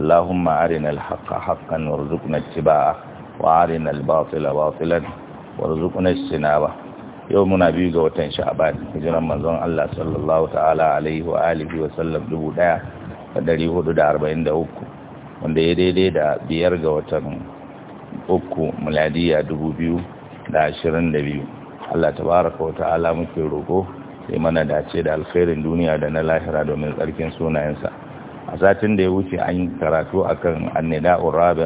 اللهم أرنا الحق حقا وارزقنا اتباعه وأرنا الباطل باطلا وارزقنا اجتنابه يومنا بيغا وتن شعبان هجرا منزون الله صلى الله تعالى عليه وآله وسلم دبو دا فدري هدو دا أربعين دا أكو wanda ya daidai da biyar ga watan uku miladiya dubu biyu da ashirin da biyu Allah tabaraka wa ta'ala muke roƙo sai mana dace da alkhairin duniya da na lahira domin tsarkin sunayensa a satin da ya wuce an yi karatu akan kan annida urabi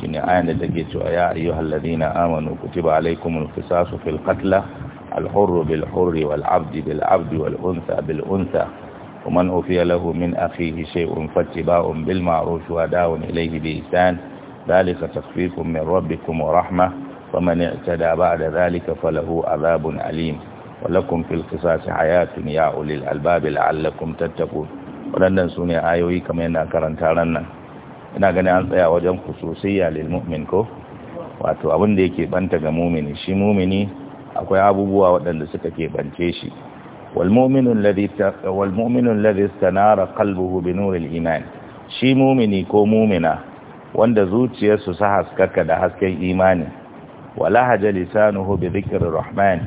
shi ne ayan take cewa ya ayyu hallazi amanu ku ci ba alaikum alfisasu filkatla katla alhurru bil hurri wal bil abdi wal unsa bil unsa kuma an ofiya lahu min akhihi shay'un fattiba'un bil ma'ruf wa da'un ilayhi bi ihsan dalika tasfiqun min rabbikum wa rahma wa man i'tada ba'da dalika falahu azabun alim ولكم في القصاص حياة يا أولي الألباب لعلكم تتقون waɗannan su ne ayoyi kamar yana karanta rannan, ina gani an tsaya wajen khususiyya lil mu'min ko wato abin da yake banta ga mumini shi mumini akwai abubuwa waɗanda suka ke bance shi wal mu'minu alladhi istanara qalbuhu bi nuril iman shi mumini ko mumina wanda zuciyarsu sa haskaka da hasken imani wala haja lisanuhu bi dhikri rahman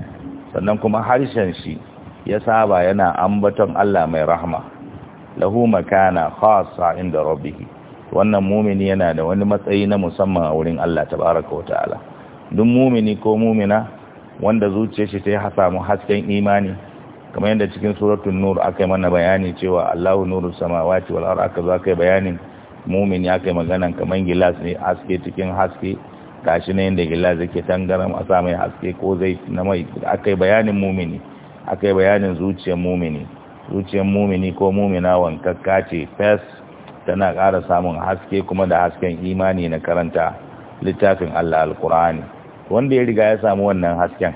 sannan kuma harshen shi ya saba yana ambaton Allah mai rahma lahu makana khassa inda rabbih wannan mumini yana da wani matsayi na musamman a wurin Allah tabaaraka wa ta'ala duk mumini ko mumina wanda zuciyar shi ta yi samu hasken imani kamar yadda cikin suratul nur akai mana bayani cewa Allahu nuru samawati wal ardh aka zo akai bayanin mumini akai maganan kamar gilas ne haske cikin haske gashi ne yadda gilas yake tangaram a sa mai haske ko zai na mai akai bayanin mumini akai bayanin zuciyar mumini zuciyar mumini ko mumina wankakka ce fes tana ƙara samun haske kuma da hasken imani na karanta littafin Allah alkur'ani wanda ya riga ya samu wannan hasken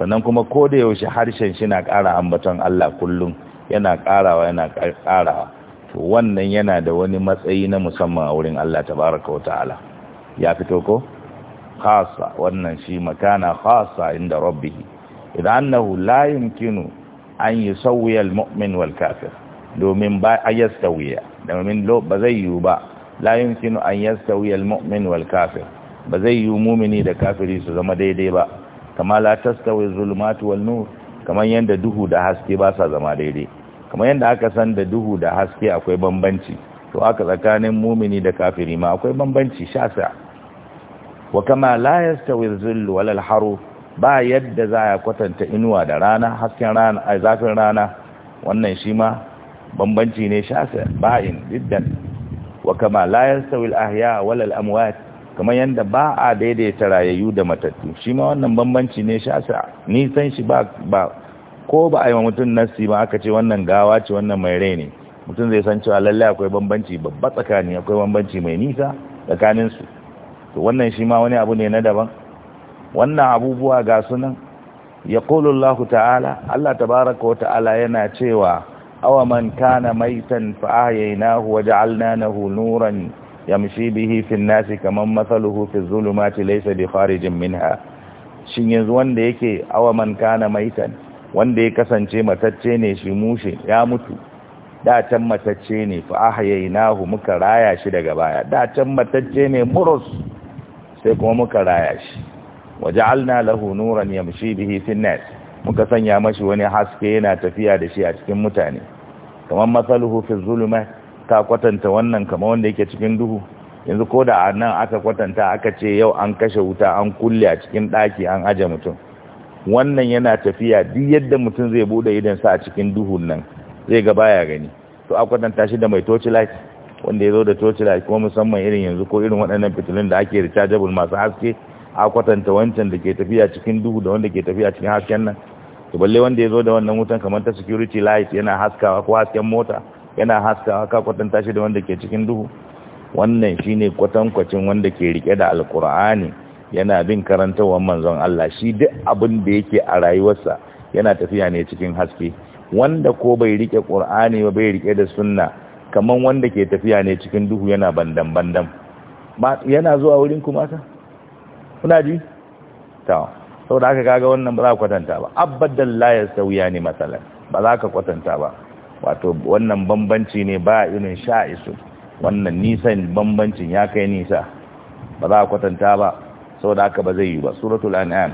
sannan kuma ko da yaushe harshen shi na ƙara ambaton Allah kullum yana ƙarawa yana ƙarawa to wannan yana da wani matsayi na musamman a wurin Allah tabaraka wa ta'ala ya fito ko khassa wannan shi makana khassa inda rabbih idan annahu la yumkinu an yi sauya mumin wal kafir domin ba a yi yastawiya domin ba zai yiwu ba la yumkinu an yi al-mu'min wal kafir ba zai yiwu mumini da kafiri su zama daidai ba kama la tastawi zulmatu wal nur kamar yanda duhu da haske ba sa zama daidai kamar yanda aka san da duhu da haske akwai bambanci to haka tsakanin mumini da kafiri ma akwai bambanci shasa wa kama la yastawi dhillu wal haru ba yadda za a kwatanta inuwa da rana hasken rana a zafin rana wannan shi ma bambanci ne shasa ba'in diddan wa kama la yastawi ahya wal amwat kamar yanda ba a daidaita rayayyu da matattu shi ma wannan bambanci ne shasa ni san shi ba ba ko ba a yi mutum nasi ba aka ce wannan gawa ce wannan mai rai ne mutum zai san cewa lallai akwai bambanci babba tsakani akwai bambanci mai nisa tsakaninsu to wannan shi ma wani abu ne na daban wannan abubuwa ga sunan ya ƙulullahu ta'ala Allah tabaraka wa ta'ala yana cewa awa man kana maitan fa'ayainahu wa ja'alna nahu nuran yamshi bihi fin nasi kaman mathaluhu fi zulumati laisa bi minha shi yanzu wanda yake awa man kana maitan wanda ya kasance matacce ne shi mushe ya mutu da matacce ne hu muka raya shi daga baya da can matacce ne murus sai kuma muka raya shi waja'alna lahu nuran yamshi bihi fi muka sanya mashi wani haske yana tafiya da shi a cikin mutane kamar masaluhu fi zulma ka kwatanta wannan kamar wanda yake cikin duhu yanzu ko da anan aka kwatanta aka ce yau an kashe wuta an kulle a cikin ɗaki an aje mutum wannan yana tafiya duk yadda mutum zai buɗe idan sa a cikin duhun nan zai ga baya gani to a kwatanta shi da mai torchlight wanda ya zo da torchlight ko musamman irin yanzu ko irin waɗannan fitilun da ake rechargeable masu haske a kwatanta wancan da ke tafiya cikin duhu da wanda ke tafiya cikin hasken nan to balle wanda ya zo da wannan wutan kamar ta security light yana haskawa ko hasken mota yana haskawa ka kwatanta shi da wanda ke cikin duhu wannan shine kwatankwacin wanda ke rike da alkur'ani yana bin karantawar manzon Allah shi duk abin da yake a rayuwarsa yana tafiya ne cikin haske wanda ko bai rike qur'ani ba bai rike da sunna kaman wanda ke tafiya ne cikin duhu yana bandan bandan yana zuwa wurin kuma ka kuna ji ta saboda aka kaga wannan ba za ka kwatanta ba abadan la sauya ne matsalar. ba za ka kwatanta ba wato wannan bambanci ne ba irin sha'isu wannan nisan bambancin ya kai nisa ba za ka kwatanta ba saboda haka ba zai yi ba suratul an'am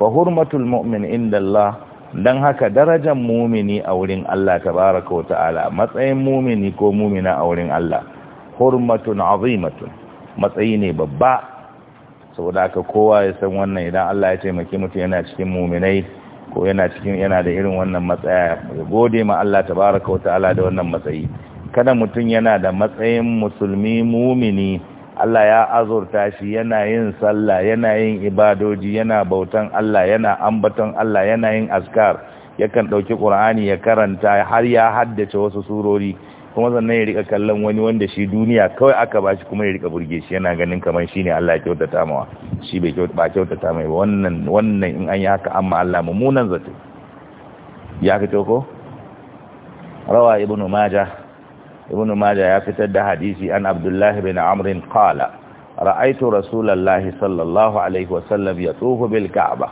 fa hurmatul mu'min inda Allah dan haka darajar mumini a wurin Allah tabaraka wa ta'ala matsayin mumini ko mumina a wurin Allah hurmatun azimatun matsayi ne babba saboda aka kowa ya san wannan idan Allah ya taimaki mutum yana cikin muminai ko yana cikin yana da irin wannan matsaya ya gode ma Allah tabaraka wata ala da wannan matsayi kada mutum yana da matsayin musulmi mumini Allah ya azurta shi yana yin sallah yana yin ibadoji yana bautan Allah yana ambaton Allah yana yin askar yakan ɗauki Qur'ani ya karanta har ya haddace wasu surori kuma sannan ya rika kallon wani wanda shi duniya kawai aka bashi kuma ya rika burge shi yana ganin kamar shi ne Allah ya kyautata mawa shi bai ba kyautata mai wannan wannan in an yi haka amma Allah mummunan zato ya to ko rawa ibnu majah ibnu majah ya fitar da hadisi an abdullah bin amr qala ra'aytu rasulullah sallallahu alaihi wa sallam yatuhu bil ka'ba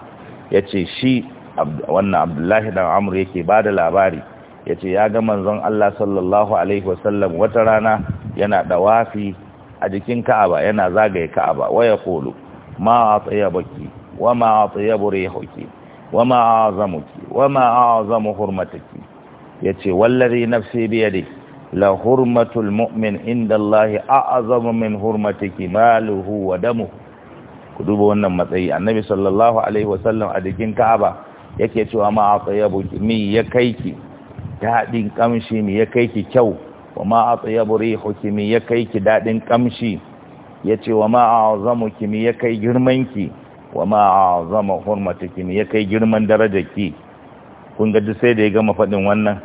yace shi wannan abdullah bin amr yake bada labari Ya ce ya ga manzon Allah sallallahu alaihi wasallam wata rana yana dawafi a jikin Ka'aba yana zagaye Ka'aba waya qulu ma atiyabaki wa ma atiyabu rihuki wa ma azamuki wa ma ya hurmatiki yace wallazi nafsi bi yadi la hurmatul mu'min inda Allah a'azamu min hurmatiki maluhu wa damuhu ku duba wannan matsayi annabi sallallahu alaihi wasallam a jikin ka'aba yake cewa ma atayyabu mi ya kai kaiki daɗin ƙamshi mi ya kai ki kyau wa ma a buri rihu kimi ya kai ki daɗin ƙamshi ya ce wa ma a ki kimi ya kai girmanki wa ma a azama hurmata kimi ya kai girman darajarki kun ga sai da ya gama faɗin wannan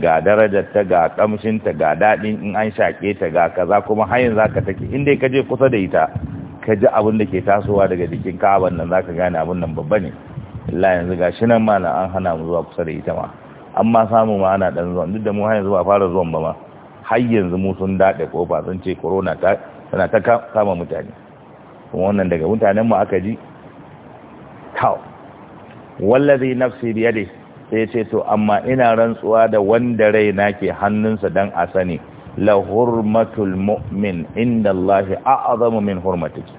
ga ta, ga ƙamshinta ga daɗin in an shaƙe ta ga kaza kuma hanyar za ka take inda ka je kusa da ita ka ji abin da ke tasowa daga jikin ka'aban nan za ka gane abin nan babba ne Allah yanzu ga shi nan ma an hana mu zuwa kusa da ita ma amma samu ma ana dan zuwa duk da mu har yanzu ba fara zuwan ba ma har yanzu mu sun dade kofa sun ce corona ta tana ta kama mutane kuma wannan daga mutanen mu aka ji kaw wallazi nafsi bi yadi sai ce to amma ina rantsuwa da wanda raina ke hannunsa dan a sani la hurmatul mu'min inda Allahi a'azamu min hurmatiki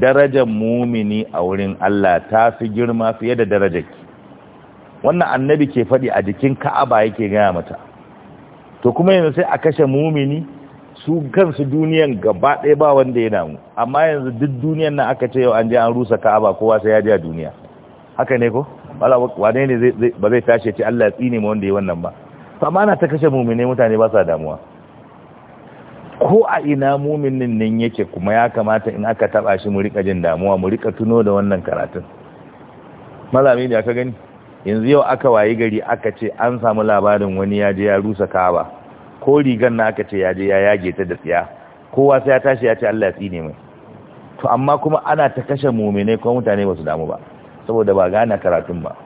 darajar mumini a wurin Allah ta fi girma fiye da darajarki wannan annabi ke faɗi a jikin ka'aba yake gaya mata to kuma yanzu sai a kashe mumini su kansu duniyan gaba ɗaya ba wanda ya damu amma yanzu duk duniyan nan aka ce yau an je an rusa ka'aba kowa sai ya je a duniya haka ne ko wala wane ne ba zai tashi ce Allah ya tsine ma wanda ya wannan ba to amma ana ta kashe mumini mutane ba sa damuwa ko a ina muminin nan yake kuma ya kamata in aka taba shi mu rika jin damuwa mu rika tuno da wannan karatun malami ne ka gani yanzu yau aka wayi gari aka ce an samu labarin wani ya je ya rusa kaba ko rigar na aka ce ya ya yage ta da tsiya kowa sai ya tashi ya ce Allah ya tsine mai to amma kuma ana ta kashe muminai ko mutane ba su damu ba saboda ba gane karatun ba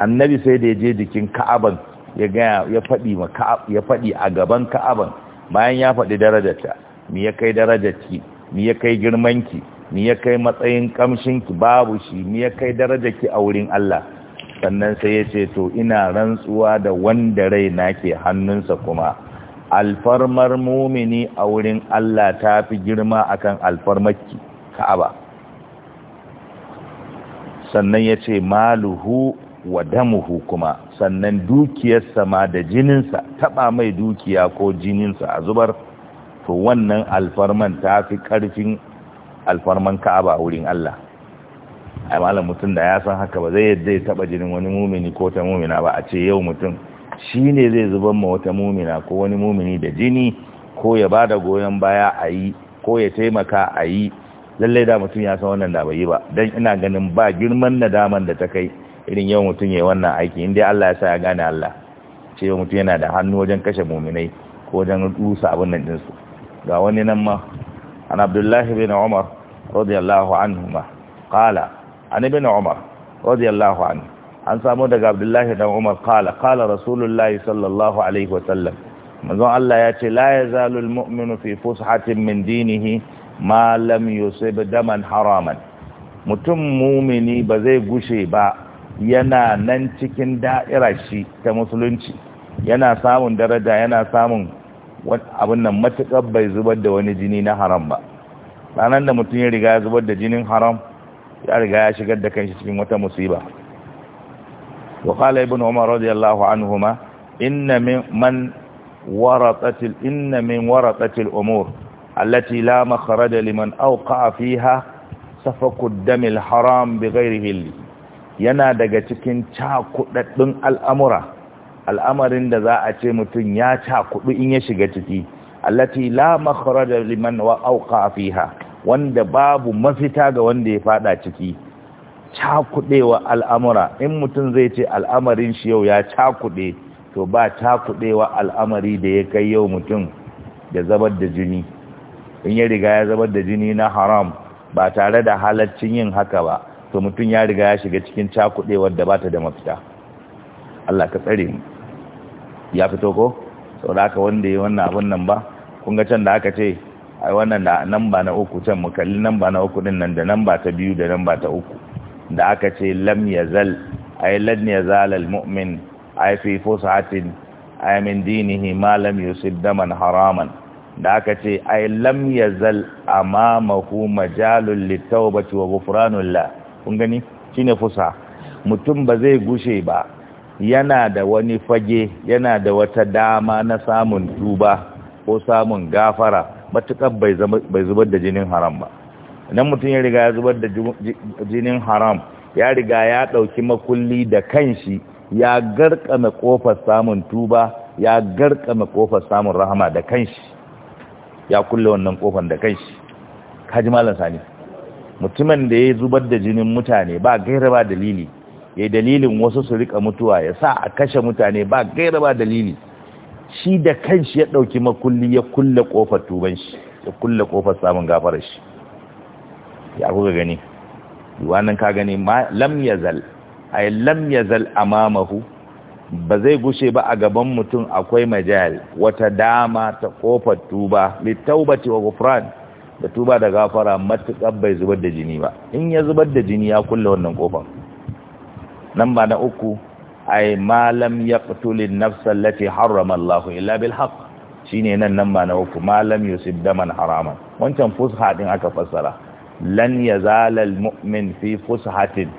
annabi sai da ya je jikin ka'aban ya gaya ya fadi ma ya fadi a gaban ka'aban bayan ya fadi darajarta mi ya kai darajarki mi ya kai girmanki Ni ya kai matsayin kamshin ki babu shi ni ya kai daraja ki a wurin Allah sannan sai ya ce to ina rantsuwa da wanda rai na ke hannunsa kuma alfarmar mumini a wurin Allah ta fi girma akan alfarmarki ka'aba sannan ya ce maluhu wa damuhu kuma sannan dukiyarsa ma da jininsa taba mai dukiya ko jininsa a zubar to wannan alfarman ta fi ƙarfin alfarman ka'aba a wurin Allah ai malam mutum da ya san haka ba zai yadda ya taba jinin wani mumini ko ta mumina ba a ce yau mutum shine zai zuban ma wata mumina ko wani mumini da jini ko ya da goyon baya a yi ko ya taimaka a yi lallai da mutum ya san wannan da bai yi ba dan ina ganin ba girman nadaman da ta kai irin yau mutum ya wannan aiki inda Allah ya sa ya gane Allah ce mutum yana da hannu wajen kashe muminai ko wajen rusa abin nan ga wani nan ma عن عبد الله بن عمر رضي الله عنهما قال عن ابن عمر رضي الله عنه عن سامو دغ عبد الله بن عمر قال قال رسول الله صلى الله عليه وسلم من الله ياتي لا يزال المؤمن في فسحة من دينه ما لم يصب دما حراما mutum mumini ba zai gushe ba yana nan cikin da'irar shi ta musulunci yana samun daraja yana samun abin nan matuƙar bai zubar da wani jini na haram ba ranar da mutum ya riga ya zubar da jinin haram ya riga ya shigar da kanshi cikin wata musiba wa Ibnu ibn umar radiyallahu anhuma inna min man warathatil inna min warathatil umur allati la makhraja liman awqa fiha safaku damil haram bighairi hilli yana daga cikin cakudaddun al'amura al'amarin da za a ce mutum ya kudu in ya shiga ciki allati la makhraja liman wa auqa fiha wanda babu mafita ga wanda ya fada ciki cakuɗewa al'amura in mutum zai ce al'amarin shi yau ya kude to ba cakudewa al'amari da ya kai yau mutum da zabar da jini in ya riga ya zabar da jini na haram ba tare da halaccin yin haka ba to mutum ya riga ya shiga cikin cakuɗewar da bata da mafita Allah ka tsare mu ya fito ko sau da aka wanda ya wannan abun nan ba kunga can da aka ce a wannan da ba na uku can mu kalli ba na uku din nan da ba ta biyu da ba ta uku da aka ce lam a yi lan yazal al mu'min yi fi a yi min dinihi ma lam daman haraman da aka ce a yi lam yazal amamahu majalul litawbati la ghufranullah kun gani shine fusa mutum ba zai gushe ba yana da wani fage yana da wata dama na samun tuba ko samun gafara Matuƙar bai zubar da jinin haram ba idan mutum ya riga ya zubar da jinin haram ya riga ya ɗauki makulli da kanshi ya garkame ƙofar samun tuba ya garkame ƙofar samun rahama da kanshi ya kulle wannan ƙofar da kanshi kaji malam sani mutumin da ya zubar da jinin mutane ba gaira ba dalili ya dalilin wasu su rika mutuwa ya sa a kashe mutane ba gaira ba dalili shi da kanshi ya ɗauki makulli ya kulle kofar tuban shi ya kulle ƙofar samun gafarar shi ya kuka gani wannan ka gani lam yazal ay lam yazal amamahu ba zai gushe ba a gaban mutum akwai majal wata dama ta kofar tuba taubati wa gufran da tuba da gafara matukar bai zubar da jini ba in ya zubar da jini ya kulle wannan kofar namba na uku ay malam yaqtulin nafsa allati harrama Allahu illa bil haqq shine nan namba na uku malam yusib daman haraman wancan fusha din aka fassara lan yazala al mu'min fi fushatin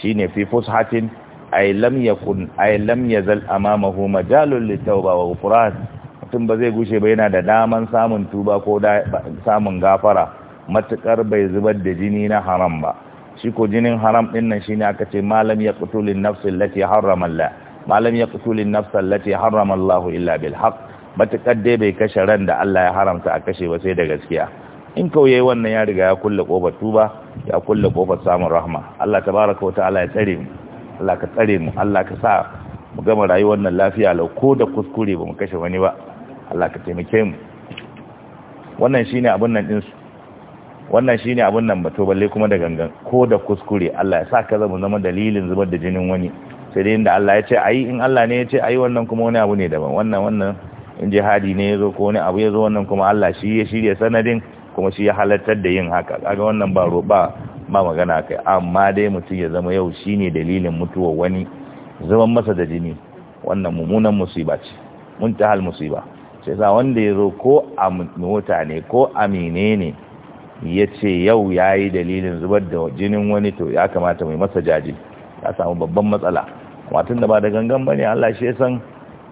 shine fi fushatin ay lam yakun ay lam yazal amamahu majalun litawba wa ghufran mutum ba zai gushe ba yana da daman samun tuba ko samun gafara matukar bai zubar da jini na haram ba shi ko jinin haram din nan shine aka ce malam ya qutulin nafsi allati harrama Allah malam ya qutulin nafsi allati harrama Allah illa bil haqq matakar bai kashe ran da Allah ya haramta a kashe ba sai da gaskiya in kauye wannan ya riga ya kulle kofar tuba ya kulle kofar samun rahma Allah tabaraka ta'ala ya tsare mu Allah ka tsare mu Allah ka sa mu gama rayuwar nan lafiya lau ko da kuskure ba mu kashe wani ba Allah ka taimake mu wannan shine abun nan din su wannan shine abun nan mato balle kuma da gangan ko da kuskure Allah ya sa ka zama zama dalilin zubar da jinin wani sai dai inda Allah ya ce ayi in Allah ne ya ce ayi wannan kuma wani abu ne daban wannan wannan in jihadi ne ya zo ko wani abu Ya zo wannan kuma Allah shi ya shirya sanadin kuma shi ya halartar da yin haka kaga wannan ba roba ba magana kai amma dai mutum ya zama yau shine dalilin mutuwar wani zaman masa da jini wannan mummunan musiba ce muntahal musiba sai sa wanda ya zo ko a mota ne ko amine ne ya ce yau ya yi dalilin zubar da jinin wani to ya kamata mai masa jaji ya samu babban matsala matun da ba da gangan ba ne Allah shi ya san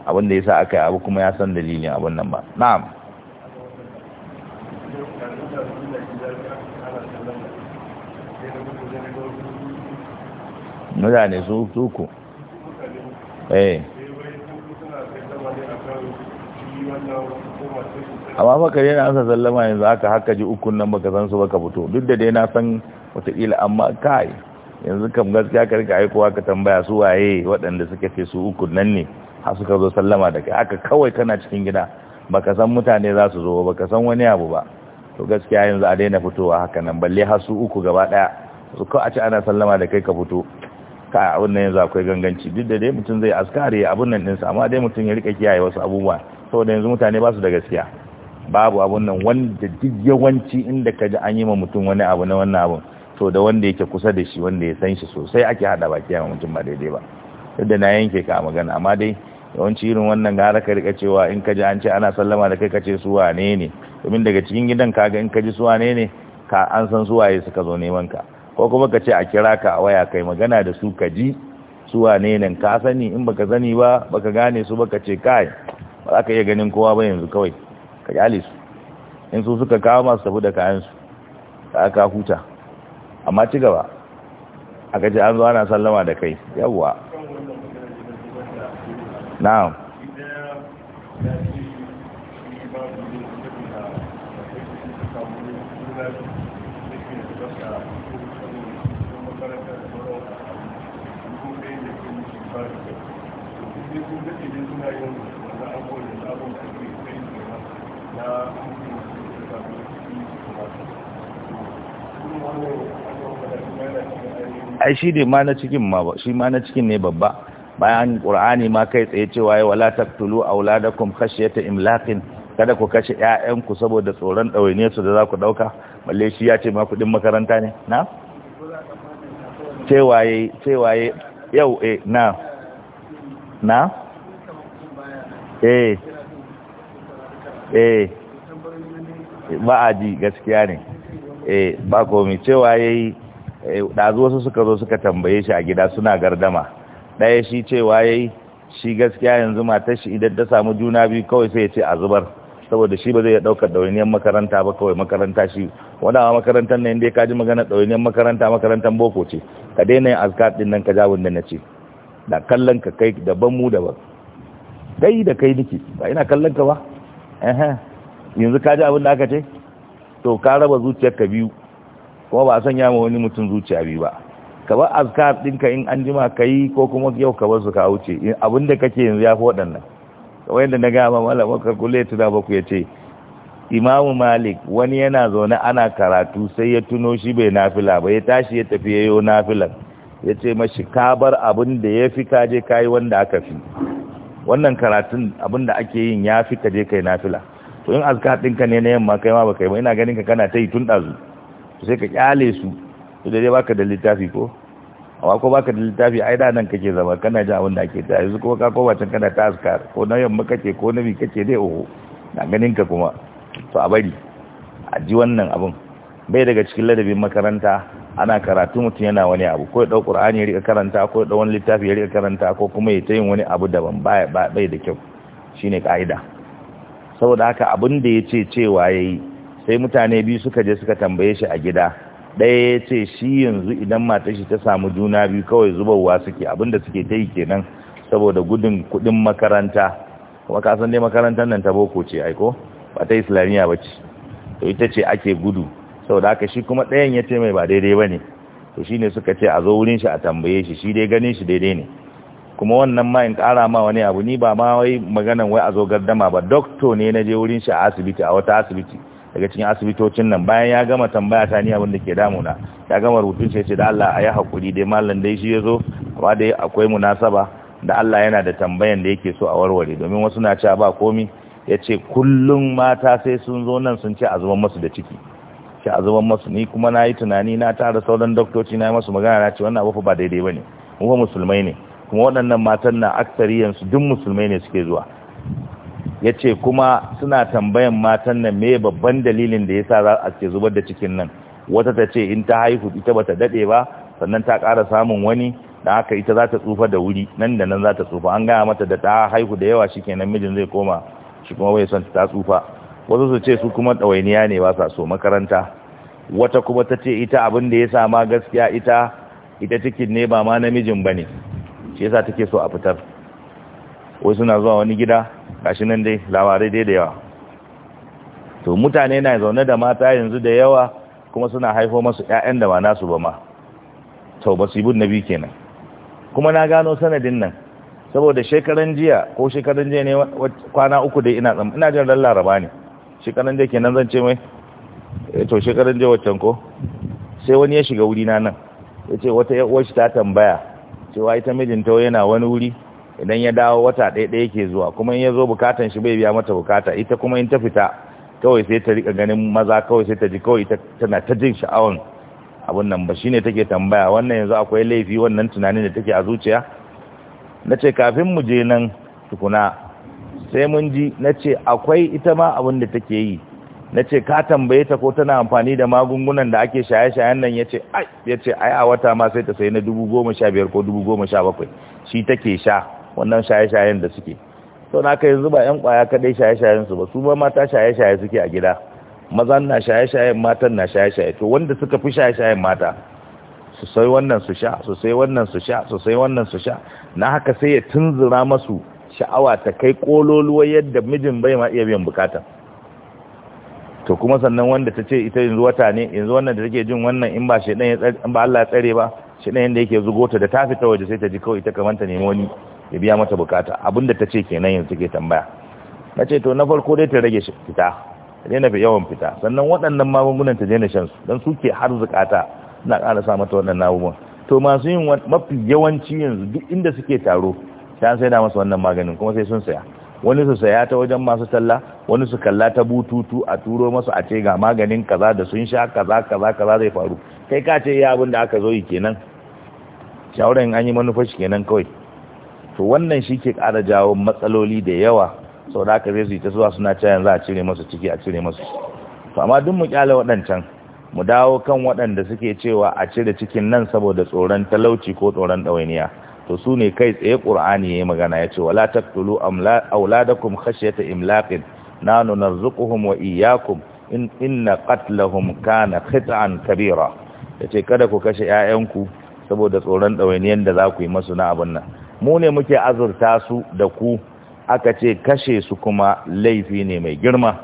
abin da ya sa aka yi abu kuma ya san dalilin abin nan ba na'am mutane su tuku eh, eh wannan amma baka yana ansa sallama yanzu aka haka ji ukun nan baka san su baka fito duk da dai na san wataƙila amma kai yanzu kam gaskiya ka rika aikowa ka tambaya su waye waɗanda suka fi su ukun nan ne har suka zo sallama da kai aka kawai kana cikin gida baka san mutane za su zo baka san wani abu ba to gaskiya yanzu a daina fitowa haka nan balle har su uku gaba ɗaya su ko a ce ana sallama da kai ka fito ka abin nan yanzu akwai ganganci duk da dai mutum zai askare abun nan ɗinsa amma dai mutum ya rika kiyaye wasu abubuwa saboda yanzu mutane ba su da gaskiya babu abun nan wanda duk yawanci inda ka ji an yi ma mutum wani abu na wannan abun to da wanda yake kusa da shi wanda ya san shi sosai ake hada baki ma mutum ba daidai ba yadda na yanke ka magana amma dai yawanci irin wannan gara ka rika cewa in ka ji an ce ana sallama da kai ka ce su wane ne domin daga cikin gidan kaga in ka ji su wane ne ka an san su waye suka zo neman ka ko kuma ka ce a kira ka a waya kai magana da su ka ji su wane ne ka sani in baka sani ba baka gane su baka ce kai ba za ka iya ganin kowa ba yanzu kawai ka kyale su in su suka kawo masu tafi da kayansu ka aka huta amma ci gaba a gaji an zuwa ana sallama da kai yawwa na'am ai shi ne ma na cikin ma ba shi ma na cikin ne babba bayan qur'ani ma kai tsaye cewa ya wala taqtulu auladakum khashyata imlaqin kada ku kashe ƴaƴanku saboda tsoron dawaine su da za ku ɗauka balle shi ya ce ma kuɗin makaranta ne na cewaye cewaye yau eh na na eh eh ba aji gaskiya ne eh ba komai cewa yayi Eh, ɗazu wasu suka zo suka tambaye shi a gida suna gardama ɗaya shi cewa ya yi shi gaskiya yanzu matar shi idan ta samu juna biyu kawai sai ya ce a zubar saboda shi ba zai ɗaukar ɗawainiyar makaranta ba kawai makaranta shi wadawa makarantar nan dai ka ji magana ɗawainiyar makaranta makarantar boko ce ka daina yin azkar ɗin nan ka ja wanda na ce da kallon ka kai daban mu daban kai da kai niki ba ina kallon ka ba yanzu ka ji abin da aka ce to ka raba zuciyarka biyu kuma ba a sanya ma wani mutum zuciya biyu ba ka bar azkar ɗinka in an jima ka yi ko kuma yau ka bar su ka wuce abin da kake yanzu ya fi waɗannan kawai yadda na gama malamar kalkule tuna baku ya ce imamu malik wani yana zaune ana karatu sai ya tuno shi bai nafila ba ya tashi ya tafi yayo nafilan ya ce mashi kabar abin da ya fi kaje yi wanda aka fi wannan karatun abin da ake yin ya fi kaje kai nafila to in azkar ɗinka ne na yamma kai ma ba kai ba ina ganin ka kana ta yi tun ɗazu sai ka kyale su da dai baka da littafi ko awa ko baka da littafi ai da nan kake zama kana jin abin da ake ta yanzu kuma ka koma can kana ta askar ko na yamma kake ko na bi kake dai oho na ganin ka kuma to a bari a ji wannan abin bai daga cikin ladabin makaranta ana karatu mutum yana wani abu ko ya dau qur'ani ya rika karanta ko ya dau wani littafi ya rika karanta ko kuma ya ta yin wani abu daban bai da kyau shine ka'ida saboda haka abin da yace cewa yayi sai mutane biyu suka je suka tambaye shi a gida ɗaya ya ce shi yanzu idan matashi ta samu juna biyu kawai zubarwa suke abinda suke ta yi kenan saboda gudun kudin makaranta kuma kasan dai makarantar nan ta boko ce aiko ba ta islamiyya ba ce to ita ce ake gudu saboda haka shi kuma ɗayan ya ce mai ba daidai ba ne to shine suka ce a zo wurin shi a tambaye shi shi dai ganin shi daidai ne kuma wannan ma in ƙara ma wani abu ni ba ma wai maganan wai a zo gardama ba dokto ne na je wurin shi a asibiti a wata asibiti daga cikin asibitocin nan bayan ya gama tambaya ta ni abin da ke damuna ya gama rubutun sai ce da Allah a yi hakuri dai mallan dai shi ya zo amma dai akwai munasaba da Allah yana da tambayan da yake so a warware domin wasu na cewa ba komi ya ce kullum mata sai sun zo nan sun ce a zuban masu da ciki ce a zuban masu ni kuma na yi tunani na tara sauran doktoci na yi masu magana na ce wannan abu ba daidai ba ne mu musulmai ne kuma waɗannan matan na aksariyansu duk musulmai ne suke zuwa ya ce kuma suna tambayan matan nan me babban dalilin da ya sa za a ke zubar da cikin nan wata ta ce in ta haihu ita ba ta daɗe ba sannan ta kara samun wani da haka ita za ta tsufa da wuri nan da nan za ta tsufa an gaya mata da ta haihu da yawa nan mijin zai koma shi kuma bai son ta tsufa wasu su ce su kuma dawainiya ne ba sa so makaranta wata kuma ta ce ita abin da ya sa ma gaskiya ita ita cikin ne ba ma namijin ba ne shi yasa take so a fitar wai suna zuwa wani gida gashi nan dai labarai dai da yawa to mutane na zaune da mata yanzu da yawa kuma suna haifo masu ƴaƴan da ba nasu ba ma to basibun nabi kenan kuma na gano sanadin nan saboda shekaran jiya ko shekaran jiya ne kwana uku dai ina zama ina jin ran ne shekaran jiya kenan zan ce mai eh to shekaran jiya waccan ko sai wani ya shiga wuri na nan ya ce wata ya shi ta tambaya cewa ita mijinta yana wani wuri idan ya dawo wata ɗaya ɗaya yake zuwa kuma in ya zo bukatan shi bai biya mata bukata ita kuma in ta fita kawai sai ta rika ganin maza kawai sai ta ji kawai tana ta jin sha'awan abun nan ba shine take tambaya wannan yanzu akwai laifi wannan tunanin da take a zuciya na ce kafin mu je nan tukuna sai mun ji na ce akwai ita ma abin da take yi na ce ka tambaye ta ko tana amfani da magungunan da ake shaye-shayen nan ya ce ai a wata ma sai ta sayi na dubu goma sha biyar ko dubu goma sha bakwai shi take sha wannan shaye-shayen da suke sau na kai zuba 'yan kwaya kaɗai shaye-shayen su ba su ba mata shaye-shaye suke a gida mazan na shaye-shayen matan na shaye-shaye to wanda suka fi shaye-shayen mata su sai wannan su sha su sai wannan su sha su sai wannan su sha na haka sai ya tunzura masu sha'awa ta kai kololuwa yadda mijin bai ma iya biyan bukata to kuma sannan wanda ta ce ita yanzu wata ne yanzu wannan da take jin wannan in ba shi dan ya ba Allah ya tsare ba shi yanda yake zugo ta da ta fita waje sai ta ji kawai ta kamanta ne wani ya biya mata bukata abinda ta ce kenan yanzu ke tambaya na ce to na farko dai ta rage fita ta daina yawan fita sannan waɗannan magungunan ta daina shan su don su har zukata na ƙara sa mata waɗannan abubuwan to masu yin mafi yawanci yanzu duk inda suke taro ta sai da masa wannan maganin kuma sai sun saya wani su saya ta wajen masu talla wani su kalla ta bututu a turo masu a ce ga maganin kaza da sun sha kaza kaza kaza zai faru kai ka ce ya abin da aka zo yi kenan shawarar an yi manufar shi kenan kawai to wannan shi ke ƙara jawo matsaloli da yawa sau da aka zai su ta zuwa suna cayan za a cire masu ciki a cire masu to amma duk mu ƙyale waɗancan mu dawo kan waɗanda suke cewa a cire cikin nan saboda tsoron talauci ko tsoron ɗawainiya to su ne kai tsaye ƙur'ani ya yi magana ya ce wala taktulu auladakum khashyata imlaqin nanu narzuquhum wa iyyakum in inna qatlahum kana khit'an kabira yace kada ku kashe 'ya'yanku saboda tsoron ɗawainiyar da za ku yi masu na abin nan mu ne muke azurta su da ku aka ce kashe su kuma laifi ne mai girma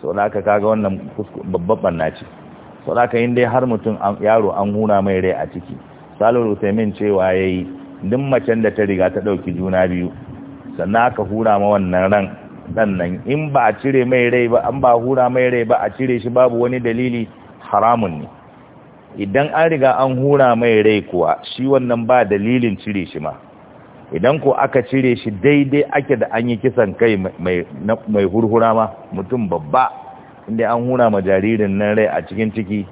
sau da aka kaga wannan babban naci sau da aka yin dai har mutum yaro an huna mai rai a ciki salo rusaimin cewa ya yi duk macen da ta riga ta ɗauki juna biyu sannan aka hura ma wannan ran sannan in ba a cire mai rai ba an ba hura mai rai ba a cire shi babu wani dalili haramun ne idan an riga an hura mai rai kuwa shi wannan ba dalilin cire shi ma idan ko aka cire shi daidai ake da an yi kisan kai mai hurhura ma mutum babba inda an hura ma jaririn nan rai a cikin ciki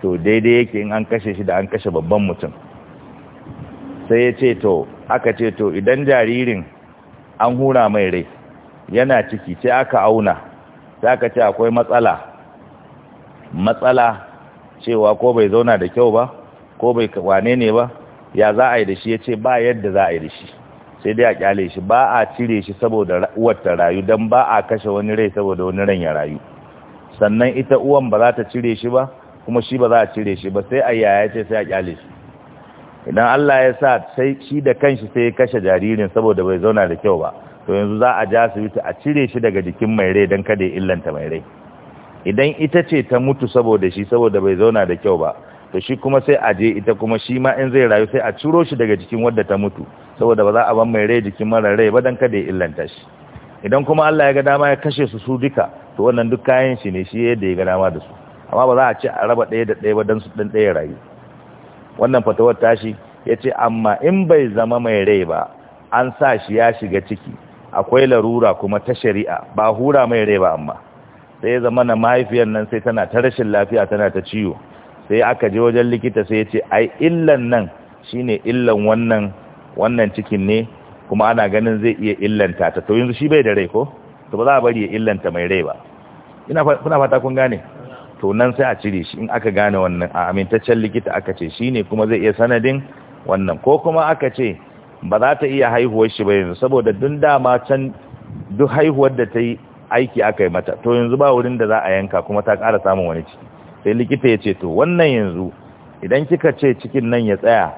to daidai yake in an kashe shi da an kashe babban mutum sai ya ce to aka ce to idan jaririn an hura mai rai yana ciki sai aka auna sai aka ce akwai matsala matsala cewa ko bai zauna da kyau ba ko bai wane ne ba ya za a yi da shi ya ce ba yadda za a yi da shi sai dai a kyale shi ba a cire shi saboda uwar ta rayu don ba a kashe wani rai saboda wani ran ya rayu sannan ita uwan ba za ta cire shi ba kuma shi ba za a cire shi ba sai a yaya ce sai a kyale shi idan Allah ya sa sai shi da kanshi sai ya kashe jaririn saboda bai zauna da kyau ba to yanzu za a ja su a cire shi daga jikin mai rai don kada ya illanta mai rai idan ita ce ta mutu saboda shi saboda bai zauna da kyau ba to shi kuma sai a je ita kuma shi ma in zai rayu sai a ciro shi daga jikin wadda ta mutu saboda ba za a ban mai rai jikin mara rai ba dan kada ya illanta shi idan kuma Allah ya ga dama ya kashe su su duka to wannan duk kayan shi ne shi yadda ya ga dama da su amma ba za a ce a raba ɗaya da ɗaya ba dan su dan ɗaya rayu wannan fatawar tashi ya ce amma in bai zama mai rai ba an sa shi ya shiga ciki akwai larura kuma ta shari'a ba hura mai rai ba amma sai ya zama na mahaifiyar nan sai tana ta rashin lafiya tana ta ciwo sai aka je wajen likita sai ya ce ai illan nan shine illan wannan wannan cikin ne kuma ana ganin zai iya illanta ta to yanzu shi bai da rai ko to ba za a bari ya illanta mai rai ba ina kuna fata kun gane to nan sai a cire shi in aka gane wannan a amintaccen likita aka ce shine kuma zai iya sanadin wannan ko kuma aka ce ba za ta iya haihuwar shi ba yanzu saboda dun dama can duk haihuwar da ta yi aiki aka yi mata to yanzu ba wurin da za a yanka kuma ta kara samun wani ciki sai likita ya ce to wannan yanzu idan kika ce cikin nan ya tsaya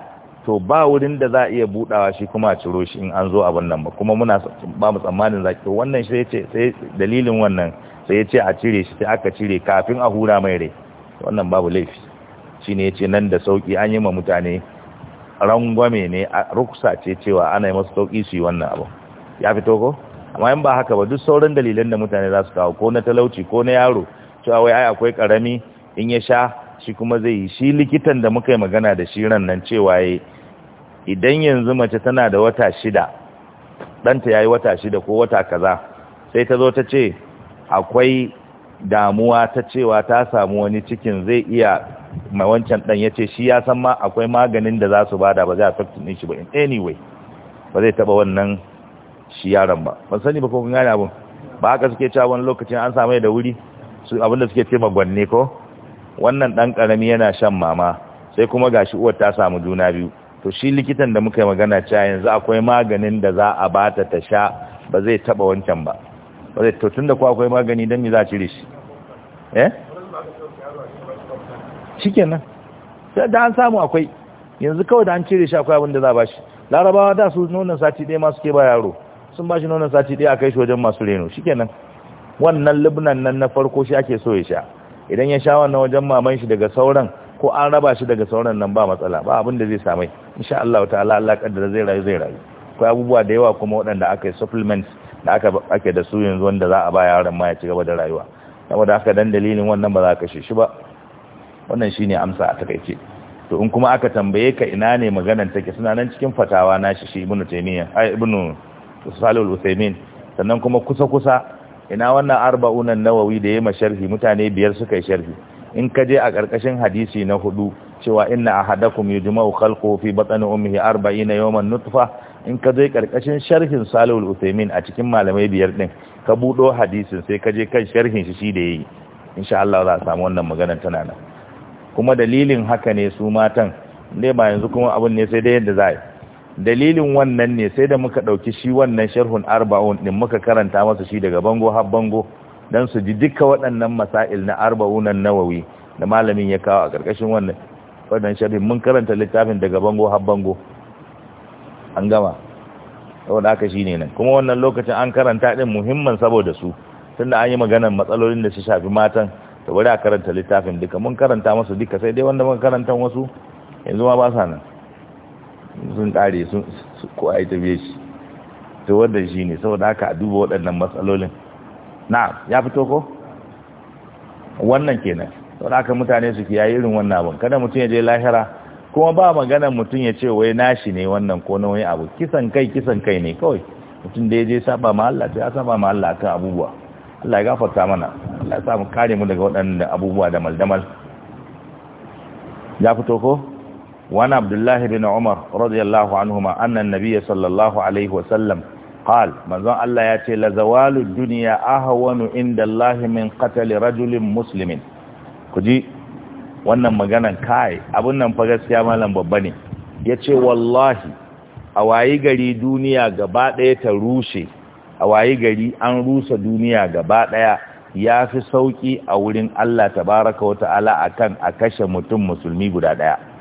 to ba wurin da za a iya budawa shi kuma a ciro shi in an zo abin nan ba kuma muna ba mu tsammanin za ki wannan sai ce sai dalilin wannan sai ya ce a cire shi sai aka cire kafin a hura mai rai wannan babu laifi shine ce nan da sauki an yi ma mutane rangwame ne rukusa ce cewa ana yi masu sauki su yi wannan abu ya fito ko amma in ba haka ba duk sauran dalilan da mutane za su kawo ko na talauci ko na yaro cewa wai ai akwai karami in ya sha shi kuma zai yi shi likitan da muka yi magana da shi ran nan cewa ya idan yanzu mace tana da wata shida ɗanta ya yi wata shida ko wata kaza sai ta zo ta ce akwai damuwa ta cewa ta samu wani cikin zai iya mai wancan ɗan ya ce shi ya san ma akwai maganin da za su bada ba za a ɗin shi ba in anyway ba zai taɓa wannan shi yaron ba ban sani ba ko kun gane abin ba haka suke cewa wani lokacin an samu da wuri abinda suke ce magwanne ko wannan ɗan ƙarami yana shan mama sai kuma gashi uwar ta samu juna biyu to shi likitan da muka yi magana cewa yanzu akwai maganin da za a bata ta sha ba zai taba wancan ba ba zai to tunda ko akwai magani dan me za a cire shi eh shikenan sai da an samu akwai yanzu kawai da an cire shi akwai abin da za a bashi larabawa da su nonon sati ɗaya masu ke ba yaro sun bashi nonon sati ɗaya a kai shi wajen masu reno shikenan wannan libnan nan na farko shi ake so ya sha idan ya sha wannan wajen maman shi daga sauran ko an raba shi daga sauran nan ba matsala ba abin da zai samai insha Allah ta'ala Allah kaddara zai rayu zai rayu akwai abubuwa da yawa kuma waɗanda aka yi supplements da aka ake da su yanzu wanda za a ba yaron ma ya ci gaba da rayuwa saboda haka dan dalilin wannan ba za ka shi ba wannan shine amsa a takaice to in kuma aka tambaye ka ina ne maganar take suna nan cikin fatawa na shi ibnu Taymiyyah ai ibnu salih al-usaymin sannan kuma kusa kusa ina wannan arba'unan nawawi da ya ma sharhi mutane biyar suka yi sharhi in ka je a ƙarƙashin hadisi na hudu cewa inna ahadakum yujma'u khalquhu fi batni ummihi 40 yawman nutfa in ka je ƙarƙashin sharhin Salihul usaimin a cikin malamai biyar din ka buɗo hadisin sai ka je kan sharhin shi shi da yayi insha Allah za a samu wannan maganar tana nan kuma dalilin haka ne su matan ne ba yanzu kuma abin ne sai dai yadda za a yi dalilin wannan ne sai da muka ɗauki shi wannan sharhun arba'un ɗin muka karanta masa shi daga bango har bango don su ji duka waɗannan masail na arba'unan nawawi da malamin ya kawo a ƙarƙashin wannan wannan sharhin mun karanta littafin daga bango har bango an gama saboda haka shine nan kuma wannan lokacin an karanta ɗin muhimman saboda su tunda an yi maganar matsalolin da su shafi matan to bari a karanta littafin duka mun karanta masu duka sai dai wanda muka karanta wasu yanzu ma ba sa nan sun ƙare sun ko a yi tafiye shi to wadda shi ne saboda haka a duba waɗannan matsalolin na ya fito ko wannan kenan saboda haka mutane su kiyaye irin wannan abin kada mutum ya je lahira kuma ba magana mutum ya ce wai nashi ne wannan ko na wani abu kisan kai kisan kai ne kawai mutum da ya je saba ma Allah ya saba ma Allah kan abubuwa Allah ya gafarta mana Allah ya sa mu kare mu daga waɗannan abubuwa da maldamal ya fito ko Wani عبد bin Umar عمر رضي الله عنهما أن Allah ya ce عليه وسلم قال من ظن الله يأتي لزوال الدنيا أهون عند الله wannan maganan kai abun nan fa malam babba ne yace wallahi a wayi gari duniya gaba daya ta rushe a wayi gari an rusa duniya gaba ya fi sauƙi a wurin Allah Ta. wa ta'ala akan a kashe mutum musulmi guda ɗaya.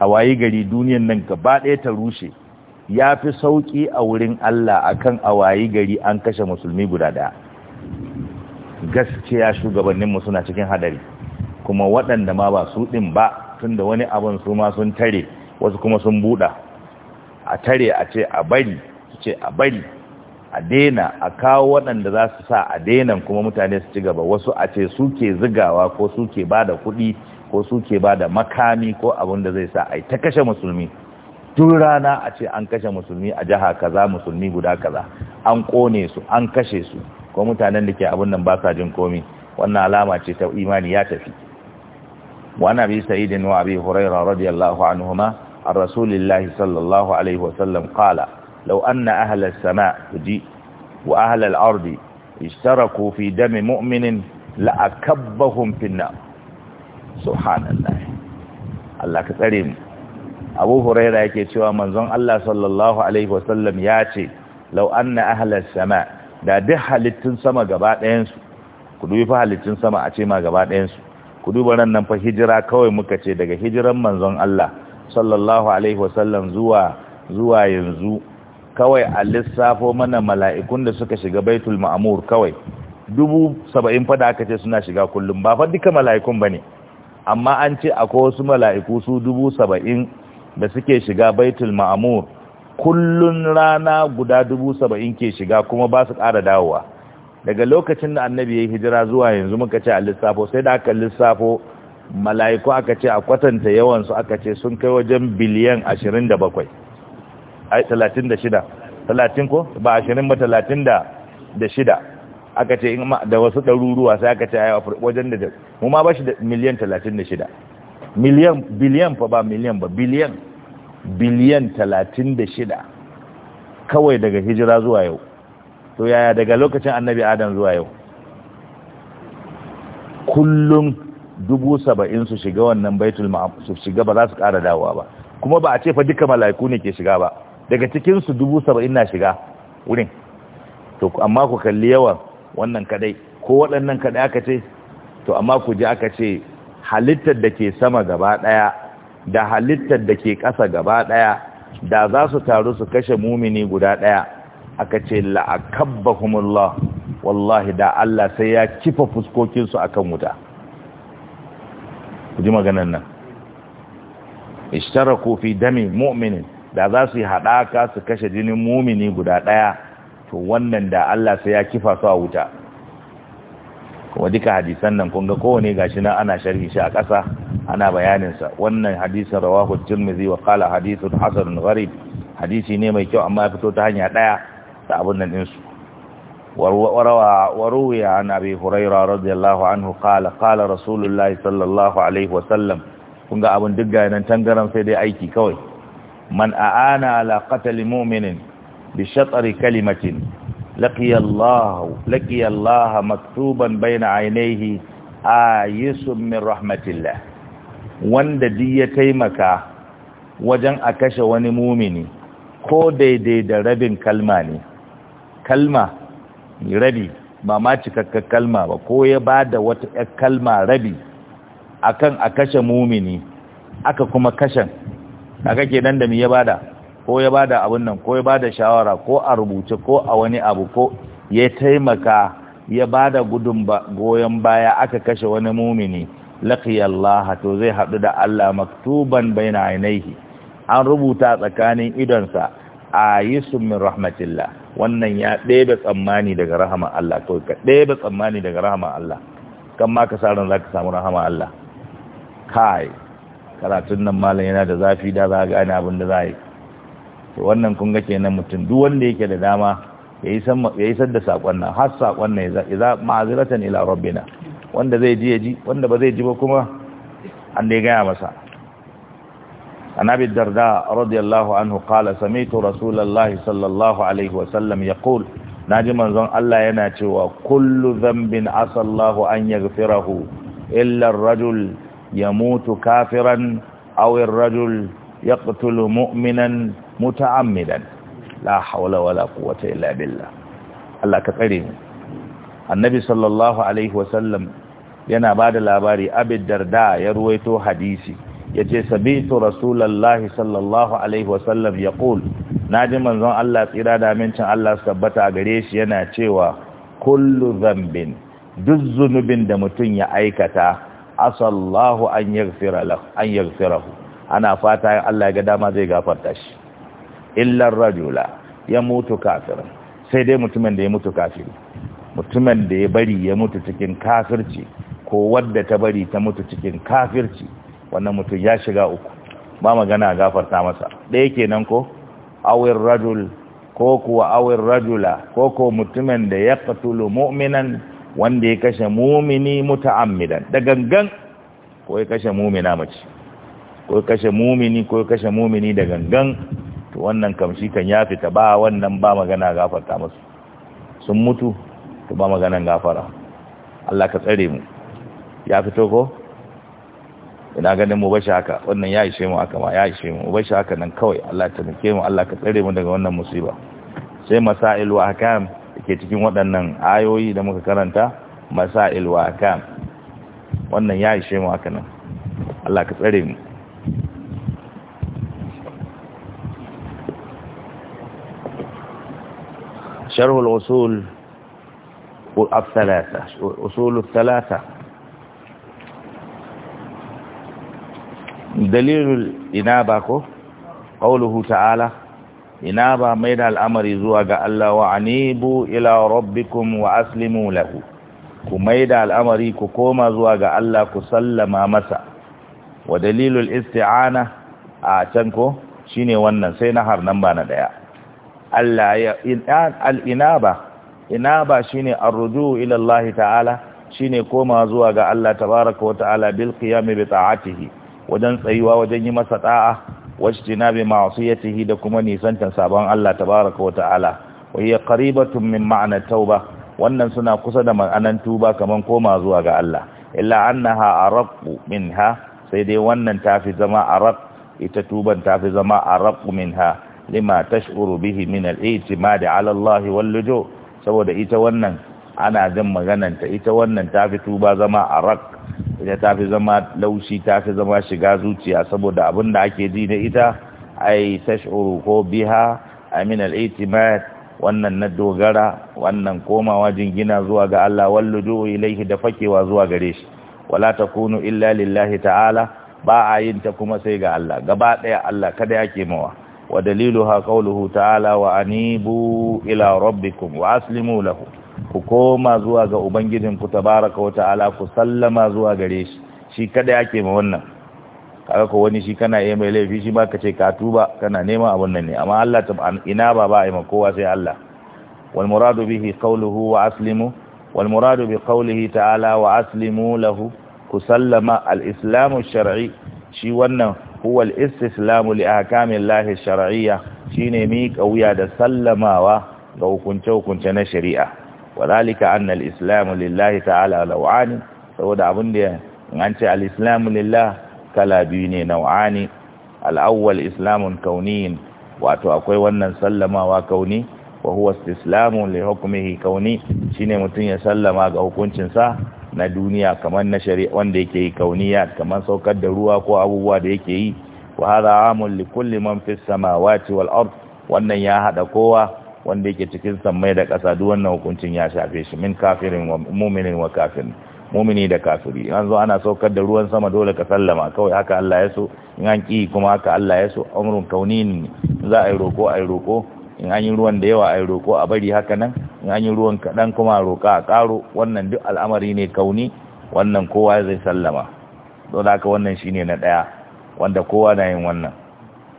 a wayi gari duniyan nan gaba ɗaya ta rushe ya fi sauƙi a wurin Allah akan a wayi gari an kashe musulmi guda ɗaya gaskiya shugabanninmu suna cikin hadari kuma waɗanda ma ba su ɗin ba tun da wani abin su ma sun tare wasu kuma sun buɗa a tare a ce a bari ce a bari a daina a kawo waɗanda za su sa a daina kuma mutane su ci gaba wasu a ce suke zigawa ko suke ke ba da kuɗi ko su ke ba da makami ko abin da zai sa a ta kashe musulmi tun rana a ce an kashe musulmi a jiha kaza musulmi guda kaza an kone su an kashe su ko mutanen da ke abin nan ba sa jin komi wannan alama ce ta imani ya tafi wa nabi sayyidin wa abi hurairah radiyallahu anhuma ar rasulillahi sallallahu alaihi wa sallam qala law anna ahla as-sama' wa ahla ardi ishtaraku kofi dami mu'minin la akabbahum subhanallah Allah ka tsare mu Abu Hurairah yake cewa manzon Allah sallallahu alaihi wasallam ya ce law anna ahlas sama da duk halittun sama gaba ɗayan su ku dubi fa halittun sama a ce ma gaba ɗayan su ku duba ran nan fa hijira kawai muka ce daga hijiran manzon Allah sallallahu alaihi wasallam zuwa zuwa yanzu kawai a lissafo mana mala'ikun da suka shiga baitul ma'mur kawai dubu saba'in fada aka ce suna shiga kullum ba fa duka mala'ikun ba ne amma an ce akwai wasu mala'iku su dubu saba'in da suke shiga baitul ma'amur kullun rana guda dubu saba'in ke shiga kuma ba su ƙara dawowa daga lokacin da annabi ya hijira zuwa yanzu muka ce a lissafo sai da aka lissafo mala'iku aka ce a kwatanta yawansu aka ce sun kai wajen biliyan ashirin da bakwai ai talatin da shida talatin ko ba ashirin ba talatin da shida aka ce da wasu ɗaruruwa sai aka ce a wajen da mu ma ba shi da miliyan talatin da shida. miliyan biliyan fa ba miliyan ba biliyan biliyan shida kawai daga hijira zuwa yau to yaya daga lokacin annabi adam zuwa yau kullum dubu saba'in su shiga wannan baitul su shiga ba za su ƙara dawowa ba kuma ba a ce fa duka mala'iku ne ke shiga ba daga cikinsu dubu saba'in na shiga wurin to amma ku kalli yawan wannan kadai ko waɗannan kadai aka ce to amma ku ji aka ce halittar da ke sama gaba ɗaya da halittar da ke ƙasa gaba ɗaya da za su taru su kashe mumini guda ɗaya aka ce la'akabbahumullah wallahi da Allah sai ya kifa fuskokinsu akan wuta ku ji maganan nan ishtaraku fi dami mu'minin da za su yi haɗaka su kashe jinin mumini guda ɗaya to wannan da Allah sai ya kifa su a wuta kuma duka hadisan nan kun ga kowane gashi nan ana sharhi shi a ƙasa ana bayanin sa wannan hadisin rawahu tirmidhi wa qala hadithun hasan gharib hadisi ne mai kyau amma ya fito ta hanya daya da abun nan din su warawa waruya an abi hurairah radiyallahu anhu qala qala rasulullahi sallallahu alaihi wa sallam kun ga abun duk ga nan tangaran sai dai aiki kawai man aana ala qatl mu'minin bi shatari kalimatin laqiya Allah laqiya Allah maktuban baina ainihi ayisum min rahmatillah wanda di ya taimaka wajen a kashe wani mumini ko daidai da rabin kalma ne kalma rabi ba ma cikakkar kalma ba ko ya ba da wata kalma rabi akan a kashe mumini aka kuma kashen aka ke nan da mi ya bada ko ya bada abin nan ko ya bada shawara ko a rubuce ko a wani abu ko ya taimaka ya bada gudun goyon baya aka kashe wani mumini laqiyallaha to zai hadu da Allah maktuban baina ainihi an rubuta tsakanin idonsa ayisu min rahmatillah wannan ya ɗebe tsammani daga rahama Allah to ka ɗebe tsammani daga rahama Allah kan ma ka sa ran zaka samu rahama Allah kai karatun nan malam yana da zafi da za ga gane abin da za yi wannan kun ga kenan mutum duk wanda yake da dama yayi sama yayi sadda sakon har sakon nan ya za ila rabbina wanda ji ba zai ji ba kuma an gaya ga masa annabi darda radiyallahu anhu qala samitu rasulullahi sallallahu alaihi wa sallam yaqul naji manzon Allah yana cewa kullu dhanbin asallahu an yaghfirahu illa ar-rajul yamutu kafiran aw rajul yaqtulu mu'minan muta'ammidan la hawla wala quwwata illa billah Allah ka tsare mu annabi sallallahu alaihi wasallam yana bada labari abid darda ya ruwaito hadisi yace sabitu rasulullahi sallallahu alaihi wasallam yaqul naji manzon Allah tsira da amincin Allah tabbata gare shi yana cewa kullu dhanbin duk zunubin da mutun ya aikata asallahu an yaghfira lahu an yaghfirahu ana fata Allah ya ga dama zai gafarta shi illar rajula ya mutu kafir, sai dai mutumin da ya mutu kafiri mutumin da ya bari ya mutu cikin kafirci ko wadda ta bari ta mutu cikin kafirci wannan mutum ya shiga uku ba magana gafarta masa ɗaya kenan ko awir rajul ko kuwa awir rajula ko ko mutumin da ya katulu mu'minan wanda ya kashe mumini muta'ammidan da gangan ko ya kashe mumina mace ko kashe mumini ko kashe mumini da gangan to wannan kamshi kan ya fita ba wannan ba magana gafarta musu sun mutu to ba maganan gafara Allah ka tsare mu ya fito ko ina ganin mu bashi haka wannan ya ishe mu haka ma ya ishe mu bashi haka nan kawai Allah ta nake mu Allah ka tsare mu daga wannan musiba sai masail wa ahkam ke cikin waɗannan ayoyi da muka karanta masail wa ahkam wannan ya ishe mu haka nan Allah ka tsare mu شرح الأصول الثلاثة أصول الثلاثة دليل الإنابة قوله تعالى إنابة ميد الأمر زواج الله وعنيبوا إلى ربكم وأسلموا له كميد الأمر كوما زواج الله كسلم مسا ودليل الاستعانة a can ko shine wannan sai na har na daya Allah ya al-inaba inaba shine ar ila Allah ta'ala shine koma zuwa ga Allah tabaaraka wa ta'ala bil qiyam bi ta'atihi wajen tsayuwa wajen yi masa da'a wajtinabi ma'siyatihi da kuma nisantan sabon Allah tabaaraka wa ta'ala wa hiya qaribatun min ma'na tauba wannan suna kusa da ma'anan tuba kaman koma zuwa ga Allah illa annaha arqu minha sai dai wannan tafi zama arq ita tuban tafi zama arqu minha lima tashuru bihi min al-i'timad ala Allah wal saboda ita wannan ana jin maganan ta ita wannan ta fi tuba zama arak ita ta fi zama laushi ta fi zama shiga zuciya saboda abin da ake ji da ita ai tashuru ko biha min al-i'timad wannan na dogara wannan komawa gina zuwa ga Allah wal luju ilaihi da fakewa zuwa gare shi wala takunu illa lillahi ta'ala ba a yin ta kuma sai ga Allah gaba daya Allah kada yake mawa ودليلها قوله تعالى وانيبوا الى ربكم واسلموا له كوما زواج أبنجدهم تبارك وتعالى كسلما زواج ليش شي yake ma wannan. kaga ko wani shi kana yi mai laifi shi ba ka ce ka tuba kana neman abun nan ne amma Allah ta ina ba ba ma kowa sai Allah wal muradu bihi qawluhu wa aslimu wal muradu bi qawlihi ta'ala wa aslimu lahu ku sallama al islamu shar'i shi wannan huwa al-istislamu li ahkamillahi shar'iyya shine mi kauya da sallamawa ga hukunce-hukunce na shari'a wadalika anna al-islamu lillahi ta'ala law'ani saboda abin da ance ce al-islamu lillah kala biyu ne nau'ani al-awwal islamun kauniyin wato akwai wannan sallamawa kauni wa huwa istislamu li hukmihi kauni shine mutun ya sallama ga hukuncinsa na duniya kamar na shari'a wanda yake yi kauniya kamar saukar da ruwa ko abubuwa da yake yi wa hada amul li kulli man fis samawati wal ard wannan ya hada kowa wanda yake cikin samai da ƙasa duk wannan hukuncin ya shafe shi min kafirin wa mu'minin wa kafirin mumini da kafiri an zo ana saukar da ruwan sama dole ka sallama kawai haka Allah ya so in an ki kuma haka Allah ya so amrun kaunin za a yi roko a yi roko in an yi ruwan da yawa a yi roƙo a bari haka nan in an yi ruwan kaɗan kuma roƙa a ƙaro wannan duk al'amari ne kauni wannan kowa zai sallama don haka wannan shi ne na ɗaya wanda kowa na yin wannan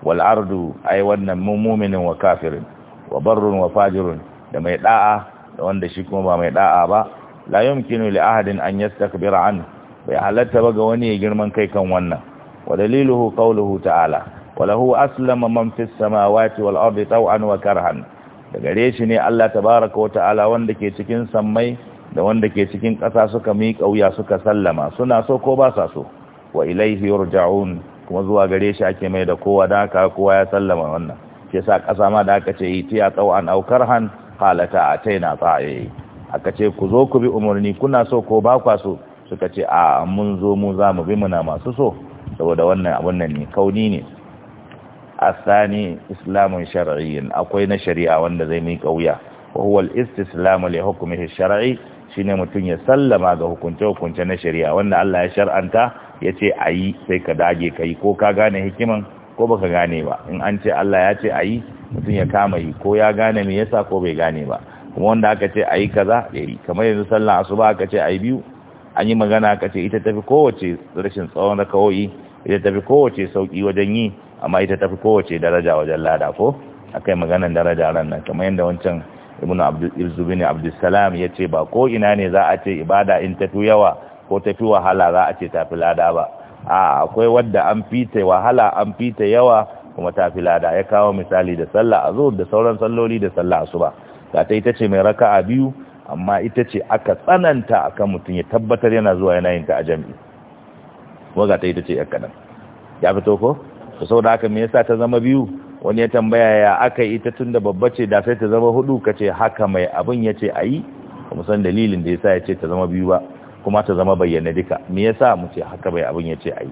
wal'ardu a yi wannan muminin wa kafirin wa barrun wa fajirun da mai ɗa'a da wanda shi kuma ba mai ɗa'a ba la yumkinu li ahadin an yastakbira an bai halatta ba ga wani ya girman kai kan wannan wa daliluhu qawluhu ta'ala walahu aslama man fis samawati wal ardi taw'an wa karhan da gare ne Allah tabaraka wata'ala wanda ke cikin sammai da wanda ke cikin ƙasa suka miƙa wuya suka sallama suna so ko ba sa so wa ilaihi yurja'un kuma zuwa gare shi ake mai da kowa da haka kowa ya sallama wannan ke sa ƙasa ma da aka ce tiya taw'an aw karhan halata ataina ta'i aka ce ku zo ku bi umarni kuna so ko ba kwa so suka ce a mun zo mu za mu bi muna masu so saboda wannan abun nan ne kauni ne A asani islamun shar'iyyin akwai na shari'a wanda zai mi kauya wa huwa al-istislamu li hukmihi shar'i shine mutun ya sallama ga hukunce hukunce na shari'a wanda Allah ya shar'anta yace ayi sai ka dage kai ko ka gane hikiman ko baka gane ba in an ce Allah ya ce ayi mutum ya kama yi ko ya gane me yasa ko bai gane ba kuma wanda aka ce ayi kaza yayi kamar yanzu sallan asuba aka ce ayi biyu an yi magana aka ce ita tafi kowace rashin tsawon rakawoyi ita tafi kowace sauki wajen yi amma ita tafi kowace daraja wajen lada ko akai maganan daraja ran nan kamar yadda wancan ibnu abdul abdulsalam ya ce ba ko ina ne za a ce ibada in tafi yawa ko tafi wahala za a ce tafi lada ba a akwai wadda an fita wahala an fita yawa kuma tafi lada ya kawo misali da sallah azur da sauran salloli da sallah asuba ta ta ita ce mai raka'a biyu amma ita ce aka tsananta akan mutum ya tabbatar yana zuwa yana yin ta a jami'i waga ta yi ta ce yar kaɗan ya fito ko to saboda haka me yasa ta zama biyu wani ya tambaya ya aka ita tun da babba ce da sai ta zama hudu ka ce haka mai abin ya ce a yi kuma san dalilin da yasa ya ce ta zama biyu ba kuma ta zama bayyana duka me yasa mu ce haka mai abin ya ce a yi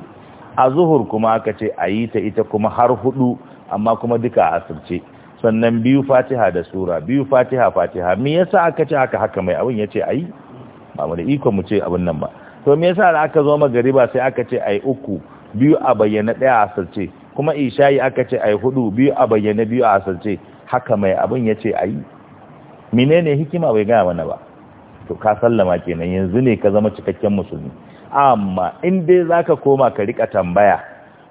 a zuhur kuma aka ce a yi ta ita kuma har hudu amma kuma duka a asirce sannan biyu fatiha da sura biyu fatiha fatiha me yasa aka ce haka haka mai abin ya ce a yi ba mu da iko mu ce abin nan ba to me yasa da aka zo magariba sai aka ce ai uku biyu a bayyana daya a asirce kuma isha'i aka ce ai hudu biyu a bayyana biyu a asirce haka mai abin ya ce ai menene hikima bai gaya mana ba to ka sallama kenan yanzu ne ka zama cikakken musulmi amma in dai zaka koma ka rika tambaya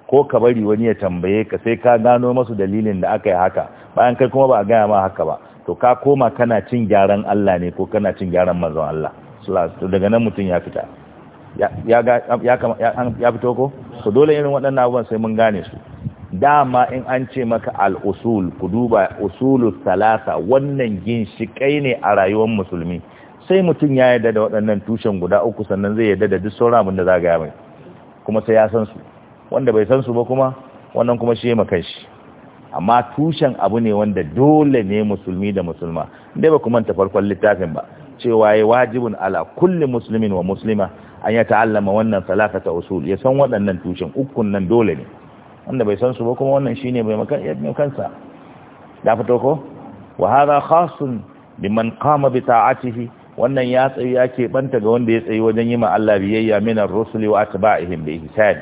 ko ka bari wani ya tambaye ka sai ka gano masu dalilin da aka yi haka bayan kai kuma ba a gaya ma haka ba to ka koma kana cin gyaran Allah ne ko kana cin gyaran manzon Allah daga nan mutum ya fita ya fito ko so dole irin waɗannan abubuwan sai mun gane su dama in an ce maka al'usul ku duba usulul salasa wannan kai ne a rayuwar musulmi sai mutum ya yarda da waɗannan tushen guda uku sannan zai yarda da duk sauran da za ga mai kuma sai ya san su wanda bai san su ba kuma wannan kuma shi makan shi amma tushen abu ne wanda dole ne musulmi da musulma dai ba kuma manta farkon littafin ba cewa ya wajibin ala kulli musulmin wa muslima an ya ta'allama wannan salatata usul ya san waɗannan tushen ukun nan dole ne wanda bai san su ba kuma wannan shine bai makan yadda kansa da fito ko wa hadha khasun liman qama bi ta'atihi wannan ya tsayi yake banta ga wanda ya tsayi wajen yima Allah biyayya min ar-rusul wa atba'ihim bi ihsan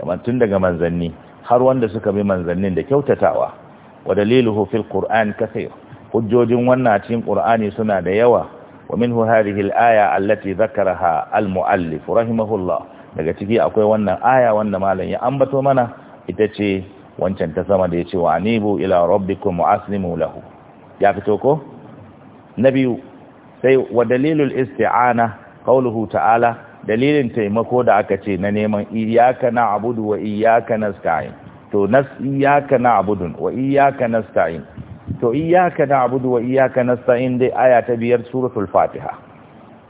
kamar tun daga manzanni har wanda suka bi manzannin da kyautatawa wa daliluhu fil qur'an kaseer hujjojin wannan cikin qur'ani suna da yawa ومنه هذه الآية التي ذكرها المؤلف رحمه الله daga ciki akwai wannan aya wanda malam ya ambato mana ita ce wancan ta sama da ya ce wa anibu ila rabbikum wa aslimu lahu ya fito ko na sai wa dalilul isti'ana qauluhu ta'ala dalilin taimako da aka ce na neman iyyaka na'budu wa iyyaka nasta'in to nas iyyaka na'budu wa iyyaka nasta'in to iyyaka na'budu wa iyyaka nasta'in dai aya ta biyar suratul fatiha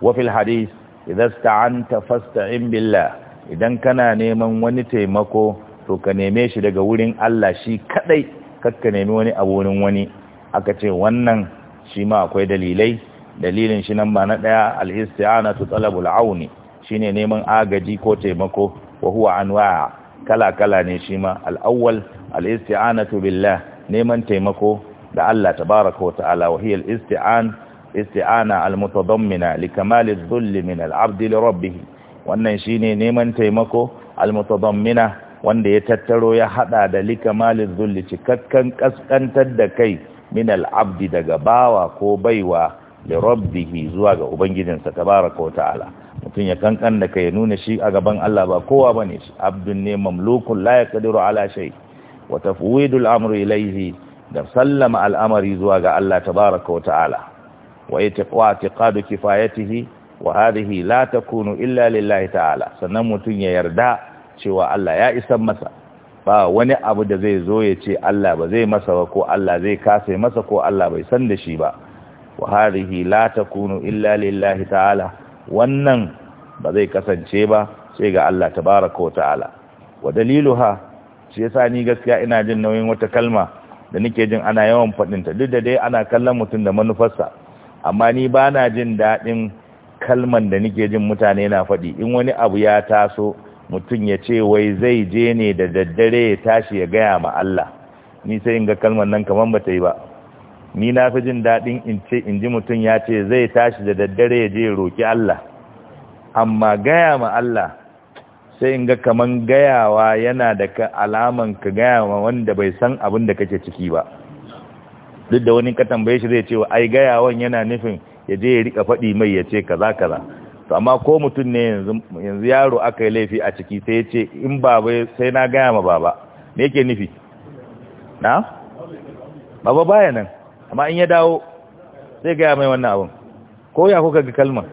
wa fil hadith idza sta'anta fasta'in billah idan kana neman wani taimako to ka neme shi daga wurin Allah shi kadai kakka nemi wani abu wurin wani aka ce wannan shi ma akwai dalilai dalilin shi nan ba na daya al-isti'anatu talabul auni shine neman agaji ko taimako wa huwa anwa'a kala kala ne shi ma al-awwal al-isti'anatu billah neman taimako da Allah tabaraka wa ta'ala wa hiya al-isti'an isti'ana al-mutadammina li kamal adh-dhull min al-'abd li rabbih wannan shine neman taimako al-mutadammina wanda ya tattaro ya hada da li kamal adh-dhull cikakkan kaskantar da kai min al-'abd daga bawa ko baiwa li rabbih zuwa ga ubangijinsa tabaraka wa ta'ala mutum ya kankan da kai nuna shi a gaban Allah ba kowa bane shi abdun ne mamlukun la yaqdiru ala shay wa tafwidul amru ilayhi da sallama al'amari zuwa ga Allah tabaraka wa ta'ala wa i'tiqadu kifayatihi wa hadhihi la kunu illa lillahi ta'ala sannan mutum ya yarda cewa Allah ya isan masa ba wani abu da zai zo ya ce Allah ba zai masa ba ko Allah zai kasa masa ko Allah bai san da shi ba wa hadhihi la kunu illa lillahi ta'ala wannan ba zai kasance ba sai ga Allah tabaraka wa ta'ala wa daliluha shi sa ni gaskiya ina jin nauyin wata kalma da nake jin ana yawan faɗinta duk da dai ana kallon mutum da manufarsa amma ni ba na jin daɗin kalman da nake jin mutane na faɗi in wani abu ya taso mutum ya ce wai zai je ne da daddare ya tashi ya gaya ma Allah ni sai in ga kalman nan kamar ba ta yi ba ni na fi jin daɗin in ce in ji mutum ya ce zai tashi da daddare ya je ya roƙi Allah amma gaya ma Allah sai in ga kaman gayawa yana da ka alaman ka gayawa wanda bai san abin da kake ciki ba duk da wani ka tambaye shi zai ce wa ai gayawan yana nufin ya je ya rika faɗi mai ya ce kaza kaza to amma ko mutum ne yanzu yaro aka yi laifi a ciki sai ya ce in babai sai na gaya ma baba me yake nufi na baba baya nan amma in ya dawo sai gaya mai wannan abin ko ya kuka ga kalmar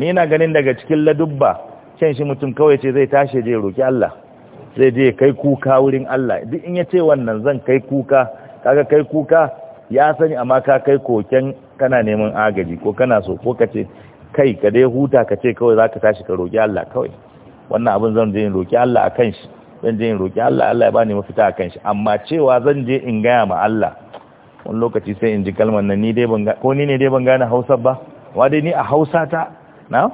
ni ina ganin daga cikin ladubba can shi mutum kawai ce zai tashi je roki Allah zai je kai kuka wurin Allah duk in ya ce wannan zan kai kuka kaga kai kuka ya sani amma ka kai koken kana neman agaji ko kana so ko ka kai ka dai huta kace ce kawai zaka tashi ka roki Allah kawai wannan abin zan je in roki Allah akan shi zan je in roki Allah Allah ya bani mafita akan shi amma cewa zan je in gaya ma Allah wani lokaci sai in ji kalmar nan ni dai ban ko ni ne dai ban gane Hausa ba wa dai ni a Hausa ta na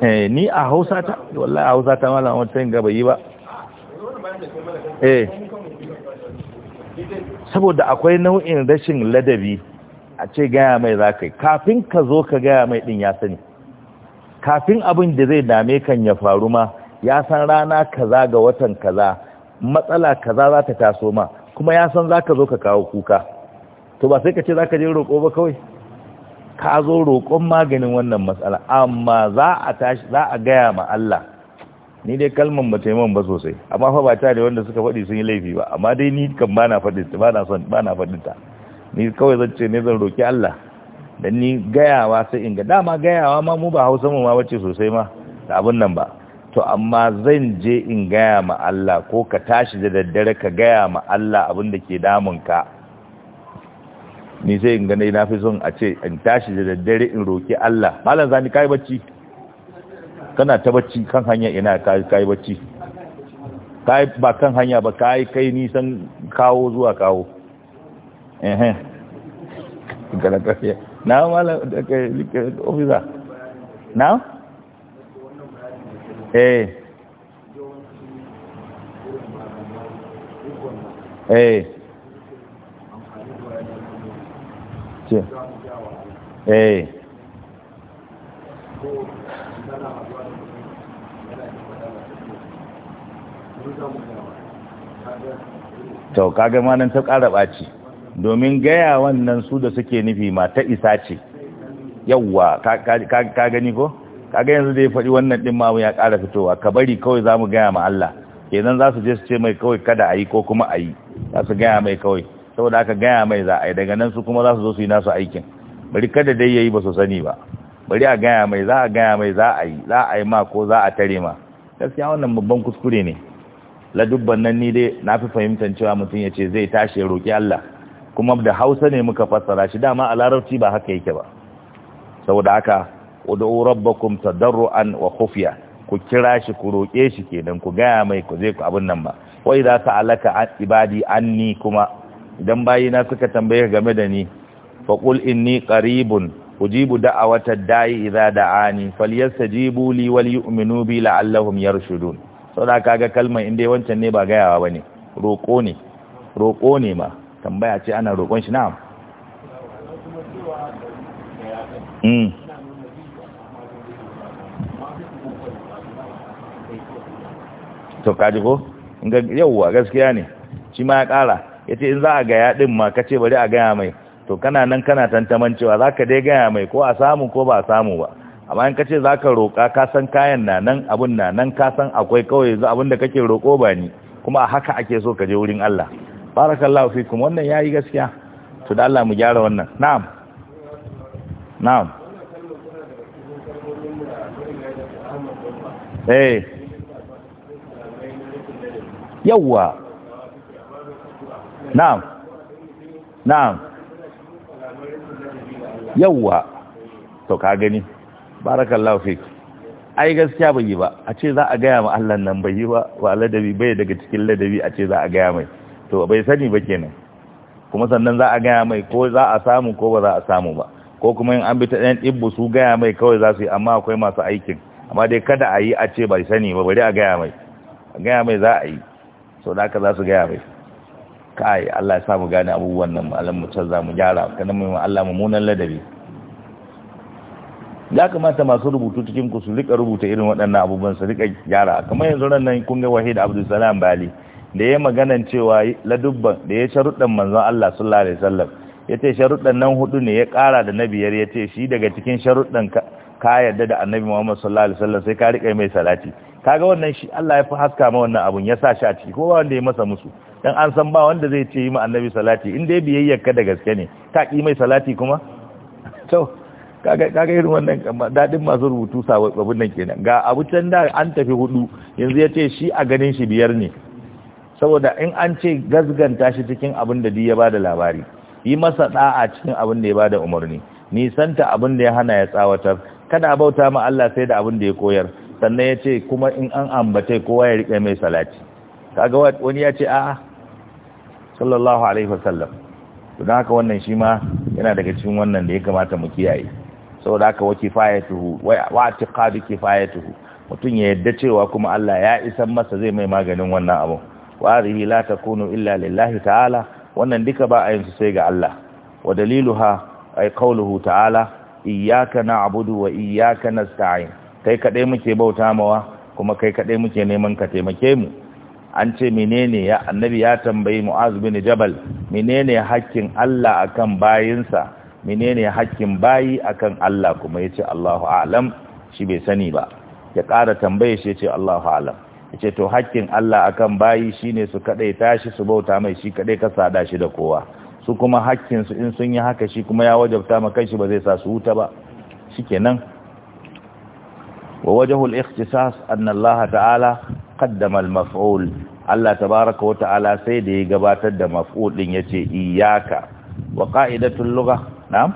eh ni a hausa ta wallahi a hausa ta malam wata yin gaba yi ba eh saboda akwai nau'in rashin ladabi a ce gaya mai za ka yi kafin ka zo ka gaya mai din ya sani kafin abin da zai dame kan ya faru ma ya san rana kaza ga watan kaza matsala kaza za ta taso ma kuma ya san za ka zo ka kawo kuka to ba sai ka ce za ka je roƙo ba kawai ka zo roƙon maganin wannan matsala amma za a tashi za a gaya ma Allah ni dai kalmar ba taimakon ba sosai amma fa ba ta da wanda suka faɗi sun yi laifi ba amma dai ni kan ba na faɗin ta ba na son ba na faɗin ta ni kawai zan ce ne zan roƙi Allah dan ni gayawa sai in ga dama gayawa ma mu ba Hausa mu ma bace sosai ma da abun nan ba to amma zan je in gaya ma Allah ko ka tashi da daddare ka gaya ma Allah abin da ke damun ka ni sai in gane na fi son a ce in tashi da daddare in roki Allah malam zani kai bacci kana ta bacci kan hanya ina kai kai bacci kai ba kan hanya ba kai kai nisan kawo zuwa kawo eh eh kana tafiya na malam da kai officer na eh eh ce eh to kaga nan ta ƙara ɓaci domin gaya wannan su da suke nufi ma ta isa ce yawwa ka gani ko kaga yanzu da ya faɗi wannan ɗin mamu ya ƙara fitowa ka bari kawai za mu gaya ma Allah kenan za su je su ce mai kawai kada a yi ko kuma a yi za su gaya mai kawai saboda aka gaya mai za a yi daga nan su kuma za su zo su yi nasu aikin bari kada dai yayi ba su sani ba bari a gaya mai za a gaya mai za a yi za a yi ma ko za a tare ma gaskiya wannan babban kuskure ne dubban nan ni dai na fi fahimtar cewa mutum ya ce zai tashi ya roƙi Allah kuma da hausa ne muka fassara shi dama a larabci ba haka yake ba saboda haka ud'u rabbakum tadarruan wa khufiya ku kira shi ku roƙe shi kenan ku gaya mai ku je ku abin nan ba wai za ta alaka ibadi anni kuma idan bayina suka tambaye game da ni faqul inni qaribun ujibu da'awata da'i idza da'ani falyastajibu li wal yu'minu bi la'allahum yarshudun da kaga kalmar inda wancan ne ba gayawa bane roko ne roko ne ma tambaya ce ana roƙon shi na'am mm to kaji ko yauwa gaskiya ne shi ma ya ƙara ya ce in za a gaya ɗin ma ka ce bari a gaya mai to kana nan kana tantaman cewa za ka dai gaya mai ko a samu ko ba a samu ba amma in ka ce za ka roƙa ka san kayan na nan abin na nan ka san akwai kawai abin da kake roƙo ba ni kuma a haka ake so ka je wurin Allah barakallahu fikum wannan yayi gaskiya to da Allah mu gyara wannan na'am na'am eh yawwa na'am na'am yawwa to ka gani barakallahu fik ai gaskiya bai yi ba a ce za a gaya ma Allah nan bai yi ba ba ladabi bai daga cikin ladabi a ce za a gaya mai to bai sani ba kenan kuma sannan za a gaya mai ko za a samu ko ba za a samu ba ko kuma in an bi ta ɗan ɗibbu su gaya mai kawai za su yi amma akwai masu aikin amma dai kada a yi a ce bai sani ba bari a gaya mai a gaya mai za a yi sau da za su gaya mai kai Allah ya sa mu gane abubuwan nan malam mu canza mu gyara kana mu Allah mummunan ladabi ya kamata masu rubutu cikin ku su rika rubuta irin waɗannan abubuwan su rika gyara kamar yanzu ran nan kun ga Wahid Abdulsalam Bali da ya magana cewa ladubban da ya sharuɗan manzon Allah sallallahu alaihi wasallam yace sharuɗan nan hudu ne ya ƙara da na biyar yace shi daga cikin sharuɗan ka yadda da Annabi Muhammad sallallahu alaihi wasallam sai ka rika mai salati kaga wannan shi Allah ya fi haska ma wannan abun ya sa shi a ciki kowa wanda ya masa musu dan an san ba wanda zai ce yi ma annabi salati in dai biyayyar ka da gaske ne ka ki mai salati kuma to kaga kaga irin wannan dadin masu rubutu sababin nan kenan ga abu can da an tafi hudu yanzu ya ce shi a ganin shi biyar ne saboda in an ce gazganta shi cikin abin da ya bada labari yi masa da'a cikin abin da ya bada umarni nisanta abin da ya hana ya tsawatar kada bauta ma Allah sai da abin da ya koyar sannan ya ce kuma in an ambata kowa ya rike mai salati kaga wani ya ce a'a sallallahu alaihi wasallam don haka wannan shi ma yana daga cikin wannan da ya kamata mu kiyaye saboda haka wake fayatuhu wa atiqadu kifayatuhu mutum ya yadda cewa kuma Allah ya isan masa zai mai maganin wannan abu wa la takunu illa lillahi ta'ala wannan duka ba a yin su sai ga Allah wa daliluha ay qawluhu ta'ala iyyaka na'budu wa iyyaka nasta'in kai kadai muke bauta mawa kuma kai kadai muke neman ka taimake mu an ce menene ya annabi ya tambayi mu'az bin jabal menene hakkin Allah akan bayinsa menene hakkin bayi akan Allah kuma yace Allahu a'lam shi bai sani ba ya ƙara tambaye shi yace Allahu a'lam yace to hakkin Allah akan bayi shine su kadai tashi su bauta mai shi kadai ka sada shi da kowa su kuma hakkin su in sun yi haka shi kuma ya wajabta maka shi ba zai sa su huta ba shikenan ووجه الاختصاص أن الله تعالى قدم المفعول الله تبارك وتعالى سيده قباتد مفعول يتي إياك وقائدة اللغة نعم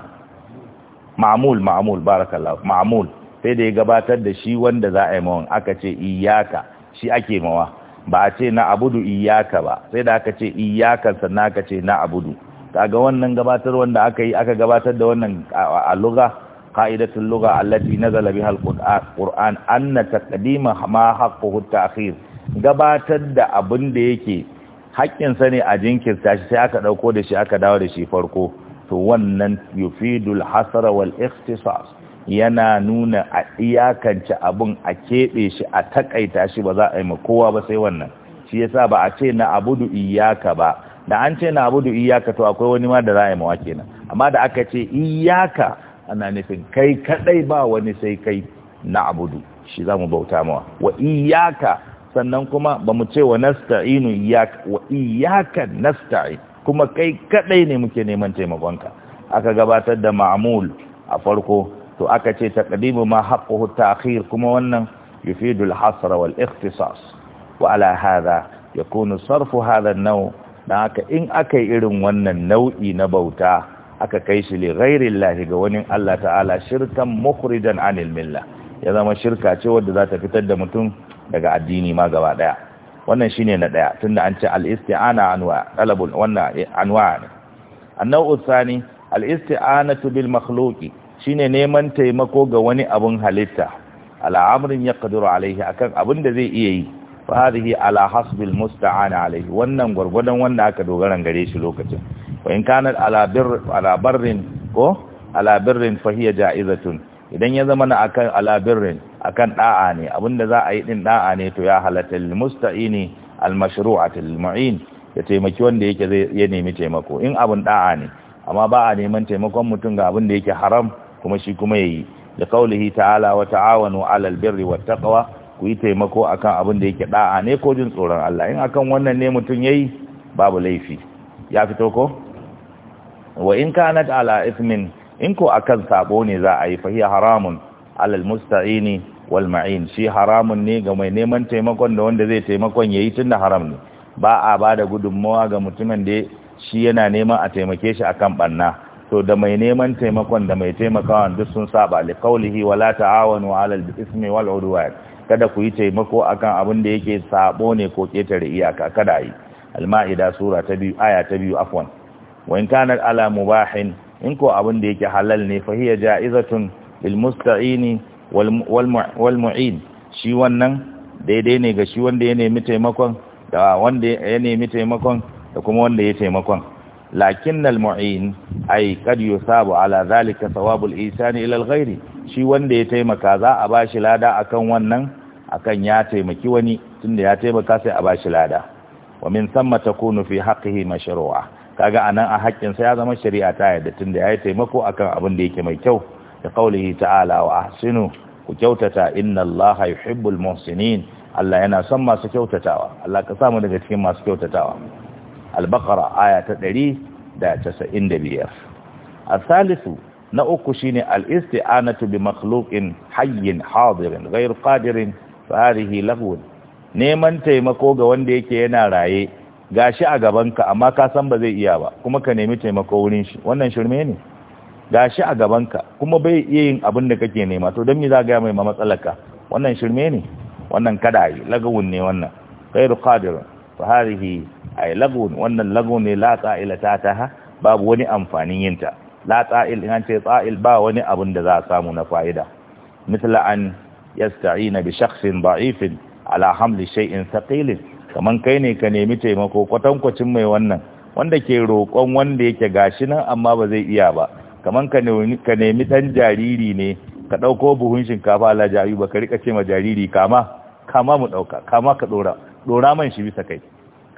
معمول معمول بارك الله معمول سيده قباتد شي وند زائمون أكتي إياك شي أكي موا ba a ce na abudu iyaka ba sai da aka ce iyakan sannan aka ce na abudu kaga wannan gabatar wanda aka yi aka gabatar da wannan a lugha qa'idatul lugha allati nazala biha al-qur'an anna taqdima ma haqquhu at-ta'khir gabatar da abin da yake haƙƙin sa ne a jinkirta shi sai aka ɗauko da shi aka dawo da shi farko to wannan yufidul hasara wal ikhtisas yana nuna a iyakance abun a keɓe shi a takaita shi ba za a yi ma kowa ba sai wannan shi yasa ba a ce na abudu iyaka ba da an ce na abudu iyaka to akwai wani ma da za a yi mawa amma da aka ce iyaka ana nufin kai kadai ba wani sai kai na abudu shi zamu bauta mawa wa iyaka sannan kuma bamu ce wa nasta'inu wa iyaka nasta'in kuma kai kadai ne muke neman taimakonka aka gabatar da ma'amul a farko to aka ce taqdimu ma haqquhu ta'khir kuma wannan yufidu al-hasra wal ikhtisas wa ala hadha yakunu sarfu hadha an-naw dan haka in akai irin wannan nau'i na bauta aka kai shi lighairillahi ga wani Allah ta'ala shirkan mukhrijan anil milla ya zama shirka ce wanda za ta fitar da mutum daga addini ma gaba daya wannan shine na daya tunda an ce al-isti'ana anwa talabul wannan anwa annau tsani al-isti'anatu bil makhluqi shine neman taimako ga wani abun halitta al'amrin yaqdiru alaihi akan abin da zai iya yi fa hadhihi ala hasbil musta'ana alaihi wannan gurgudan wanda aka dogaran gare shi lokacin wa in kanat ala birrin ko ala birrin fa hiya idan ya zama na akan ala akan da'a ne abinda za a yi din da'a ne to ya halatta lil musta'ini al mu'in ya taimaki wanda yake zai ya nemi taimako in abin da'a ne amma ba a neman taimakon mutum ga abin da yake haram kuma shi kuma yayi da kaulihi ta'ala wa ta'awanu 'alal birri wat taqwa ku yi taimako akan abin da yake da'a ne ko jin tsoron Allah in akan wannan ne mutum yayi babu laifi ya fito ko wa in kanat ala ismin in ko akan sabo ne za a yi fa hiya haramun alal musta'ini wal ma'in shi haramun ne ga mai neman taimakon da wanda zai taimakon yayi tunda haram ne ba a bada gudunmawa ga mutumin da shi yana neman a taimake shi akan banna to da mai neman taimakon da mai taimakawa duk sun saba li qawlihi wala ta'awanu alal ismi wal udwan kada ku yi taimako akan abin da yake sabo ne ko ketare iyaka kada yi al-ma'ida sura ta biyu aya ta biyu afwan wa in kana ala mubahin in ko abin da yake halal ne fa hiya ja'izatun lil musta'ini wal mu'in shi wannan daidai ne ga shi wanda ya nemi taimakon da wanda ya nemi taimakon da kuma wanda ya taimakon lakin mu'in ay kad yusabu ala zalika thawabul ihsani ila al ghairi shi wanda ya taimaka za a bashi lada akan wannan akan ya taimaki wani tunda ya taimaka sai a bashi lada wa min thumma takunu fi haqqihi mashru'a kaga anan a hakkin sa ya zama shari'a ta tun tunda yayi taimako akan abin da yake mai kyau da qaulihi ta'ala wa ahsinu ku kyautata inna allaha yuhibbul muhsinin Allah yana son masu kyautatawa Allah ka samu daga cikin masu kyautatawa al-baqara aya ta 195 salisu na uku shine al-isti'anatu bi makhluqin hayyin hadirin ghayr qadirin fa hadhihi neman taimako ga wanda yake yana raye gashi a gabanka amma ka san ba zai iya ba kuma ka nemi taimako wurin shi wannan shirme ne gashi a gabanka kuma bai iya yin abin da kake nema to don me za ga mai ma matsalarka wannan shirme ne wannan kada yi lagawun ne wannan ghairu qadir fa hadhihi ay lagawun wannan lagawun ne la ta'ila ta ta babu wani amfanin yin ta la in an ce ta'il ba wani abin da za a samu na fa'ida misla an yasta'ina bi shakhsin da'ifin ala hamli shay'in thaqilin kaman kai ne ka nemi taimako kwatankwacin mai wannan wanda ke roƙon wanda yake gashi nan amma ba zai iya ba kaman ka nemi ɗan jariri ne ka ɗauko buhun shinkafa ala jari ba ka rika ce ma jariri kama kama mu ɗauka kama ka ɗora ɗora man shi bisa kai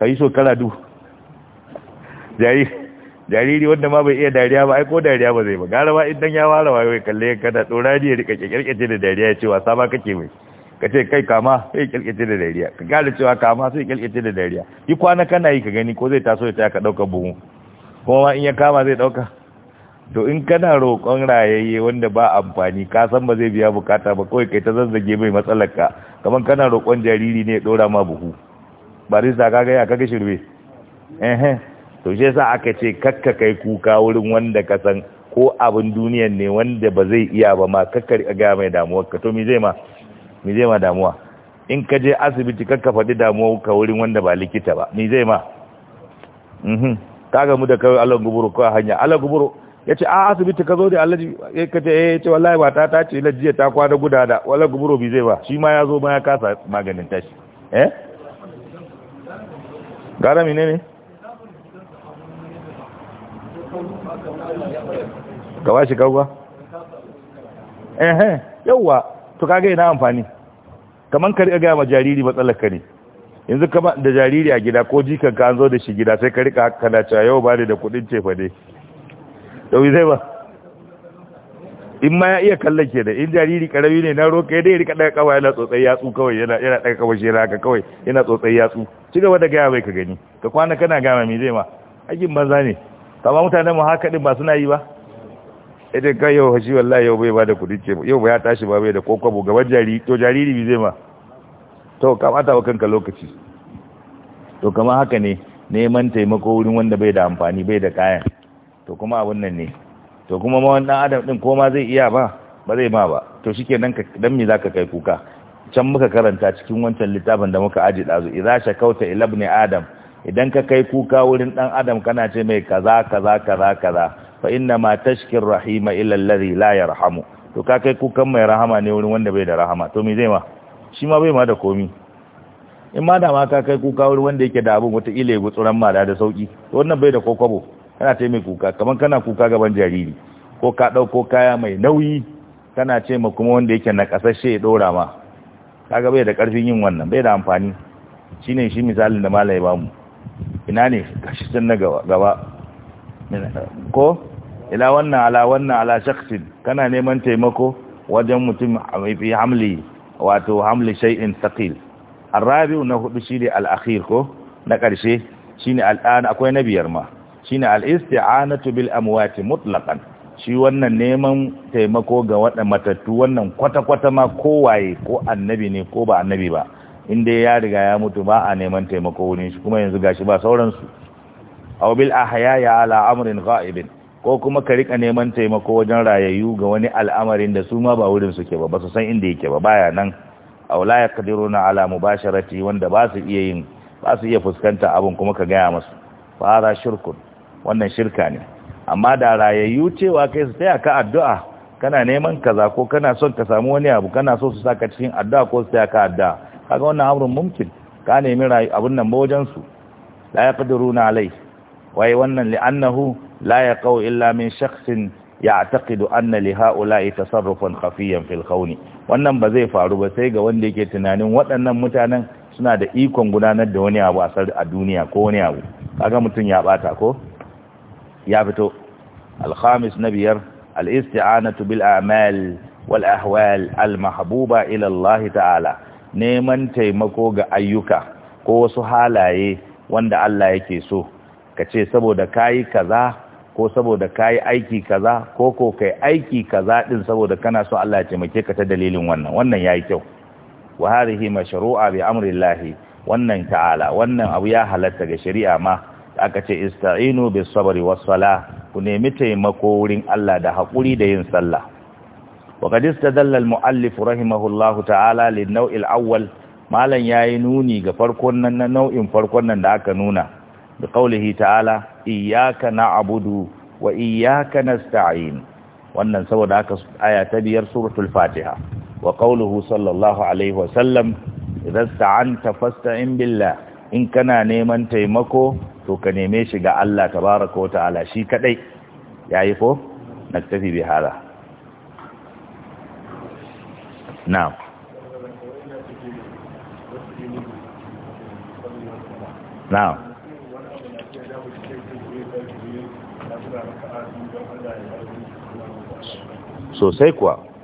ka yi shekara du jariri wanda ma bai iya dariya ba ai ko dariya ba zai ba gara ba idan ya wara wayo kalle kada ɗora ne ya rika kyakkyarkyace da dariya ya ce wasa ba kake mai ka ce kai kama sai kyalkyace da dariya ka gane cewa kama sai kyalkyace da dariya yi kwana kana yi ka gani ko zai taso ya taya ka dauka buhu kuma ma in ya kama zai dauka to in kana roƙon rayayye wanda ba amfani ka san ba zai biya bukata ba kawai kai ta zazzage mai matsalar ka kamar kana roƙon jariri ne ya ma buhu barista ka gaya ya kaga shirbe eh to shi yasa aka ce kakka kai kuka wurin wanda ka san ko abin duniyan ne wanda ba zai iya ba ma kakkar ga mai damuwar ka to me zai ma mi zai ma damuwa in ka je asibiti kakka faɗi damuwa ka wurin wanda ba likita ba mi zai ma mhm. kaga mu da kawai alon guburu kawai hanya alon guburu ya ce a asibiti ka zo da alaji ya kace eh ce wallahi ba ta tace lajiya ta kwana guda da wala guburu bi zai ba shi ma ya zo ma ya kasa maganin tashi eh gara mine ne ka bashi kawwa eh eh yawa to kaga ina amfani kaman ka riƙa gaya ma jariri matsalar ka ne yanzu kama da jariri a gida ko jikan ka an zo da shi gida sai ka riƙa kana cewa yau ba da kuɗin cefa dai ɗauki zai ba in ma ya iya kallon ke da in jariri karami ne na roƙe dai rika daga kawai yana tsotsai yatsu kawai yana yana daga kawai shi haka kawai yana tsotsai yatsu ci gaba da gaya bai ka gani ka kwana kana gama mai zai ma aikin banza ne amma mutanen mu haka din ba suna yi ba Eh, ita kai yau hashi wallahi yau bai ba da kudi ce yau ba ya tashi ba bai da kokwabo gaban jariri to jariri bi zai ma to kamata wa kanka lokaci to kama haka ne neman taimako wurin wanda bai da amfani bai da kayan to kuma abun nan ne to kuma ma wannan adam din ko ma zai iya ba ba zai ma ba to shikenan ka dan me zaka kai kuka can muka karanta cikin wancan littafin da muka aji dazu idza shakauta ila ibn adam idan ka kai kuka wurin dan adam kana ce mai kaza kaza kaza kaza fa inna ma tashkir rahima illa alladhi la yarhamu to ka kai kukan mai rahama ne wurin wanda bai da rahama to me zai ma shi ma bai ma da komi in ma da ma ka kai kuka wurin wanda yake da abun wata ile gutsuran mala da sauki to wannan bai da kokobo kana ta mai kuka kaman kana kuka gaban jariri ko ka dauko kaya mai nauyi kana ce ma kuma wanda yake na kasashe ya dora ma kaga bai da karfin yin wannan bai da amfani shine shi misalin da malai ba mu ina ne kashi can na gaba ko ila wannan ala wannan ala kana neman taimako wajen mutum fi hamli wato hamli shay'in thaqil arabi'u na hudu shine al-akhir ko na karshe shine al'an akwai na biyar ma shine al-isti'anatu bil amwati mutlaqan shi wannan neman taimako ga wadda matattu wannan kwata-kwata ma kowaye ko annabi ne ko ba annabi ba inda ya riga ya mutu ba a neman taimako wurin shi kuma yanzu gashi ba sauransu aw bil ya ala amrin ghaibin ko kuma ka rika neman taimako wajen rayayyu ga wani al'amarin da su ma ba wurin suke ba ba su san inda yake ba baya nan aw la yaqdiruna ala mubasharati wanda ba su iya yin ba su iya fuskanta abin kuma ka gaya masu. Fara shirkun wannan shirka ne amma da rayayyu cewa kai su taya ka addu'a kana neman kaza ko kana son ka samu wani abu kana so su saka cikin addu'a ko su taya ka addu'a kaga wannan amrun mumkin ka nemi abun nan ba wajen su la yaqdiruna alai wai wannan li'annahu لا يقو illa min شخص يعتقد anna li ha'ula'i خفيا في الخون wannan ba zai faru ba sai ga wanda yake tunanin waɗannan mutanen suna da ikon gudanar da wani abu a duniya ko wani abu kaga mutum ya bata ko ya fito alhamis na biyar al-isti'anatu bil a'mal wal ahwal al-mahbuba ila ta'ala neman taimako ga ayyuka ko wasu halaye wanda Allah yake so ka ce saboda kai kaza ko saboda ka yi aiki kaza ko ko kai aiki kaza din saboda kana so Allah ya taimake ka ta dalilin wannan wannan yayi kyau wa harihi mashru'a bi amrillahi wannan ta'ala wannan abu ya halatta ga shari'a ma aka ce ista'inu bis sabri was sala ku nemi taimako wurin Allah da hakuri da yin sallah wa qad istadalla al muallif rahimahullahu ta'ala lin naw'il awwal malan yayi nuni ga farkon nan na nau'in farkon nan da aka nuna bi qaulihi ta'ala iyyaka na'budu wa iyyaka nasta'in wannan saboda haka aya ta biyar suratul fatiha wa qauluhu sallallahu alaihi wa sallam idan sta'anta fasta'in billah in kana neman taimako to ka neme shi ga Allah tabaraka wa ta'ala shi kadai yayi ko naktafi bi hada na'am na'am sosai kuwa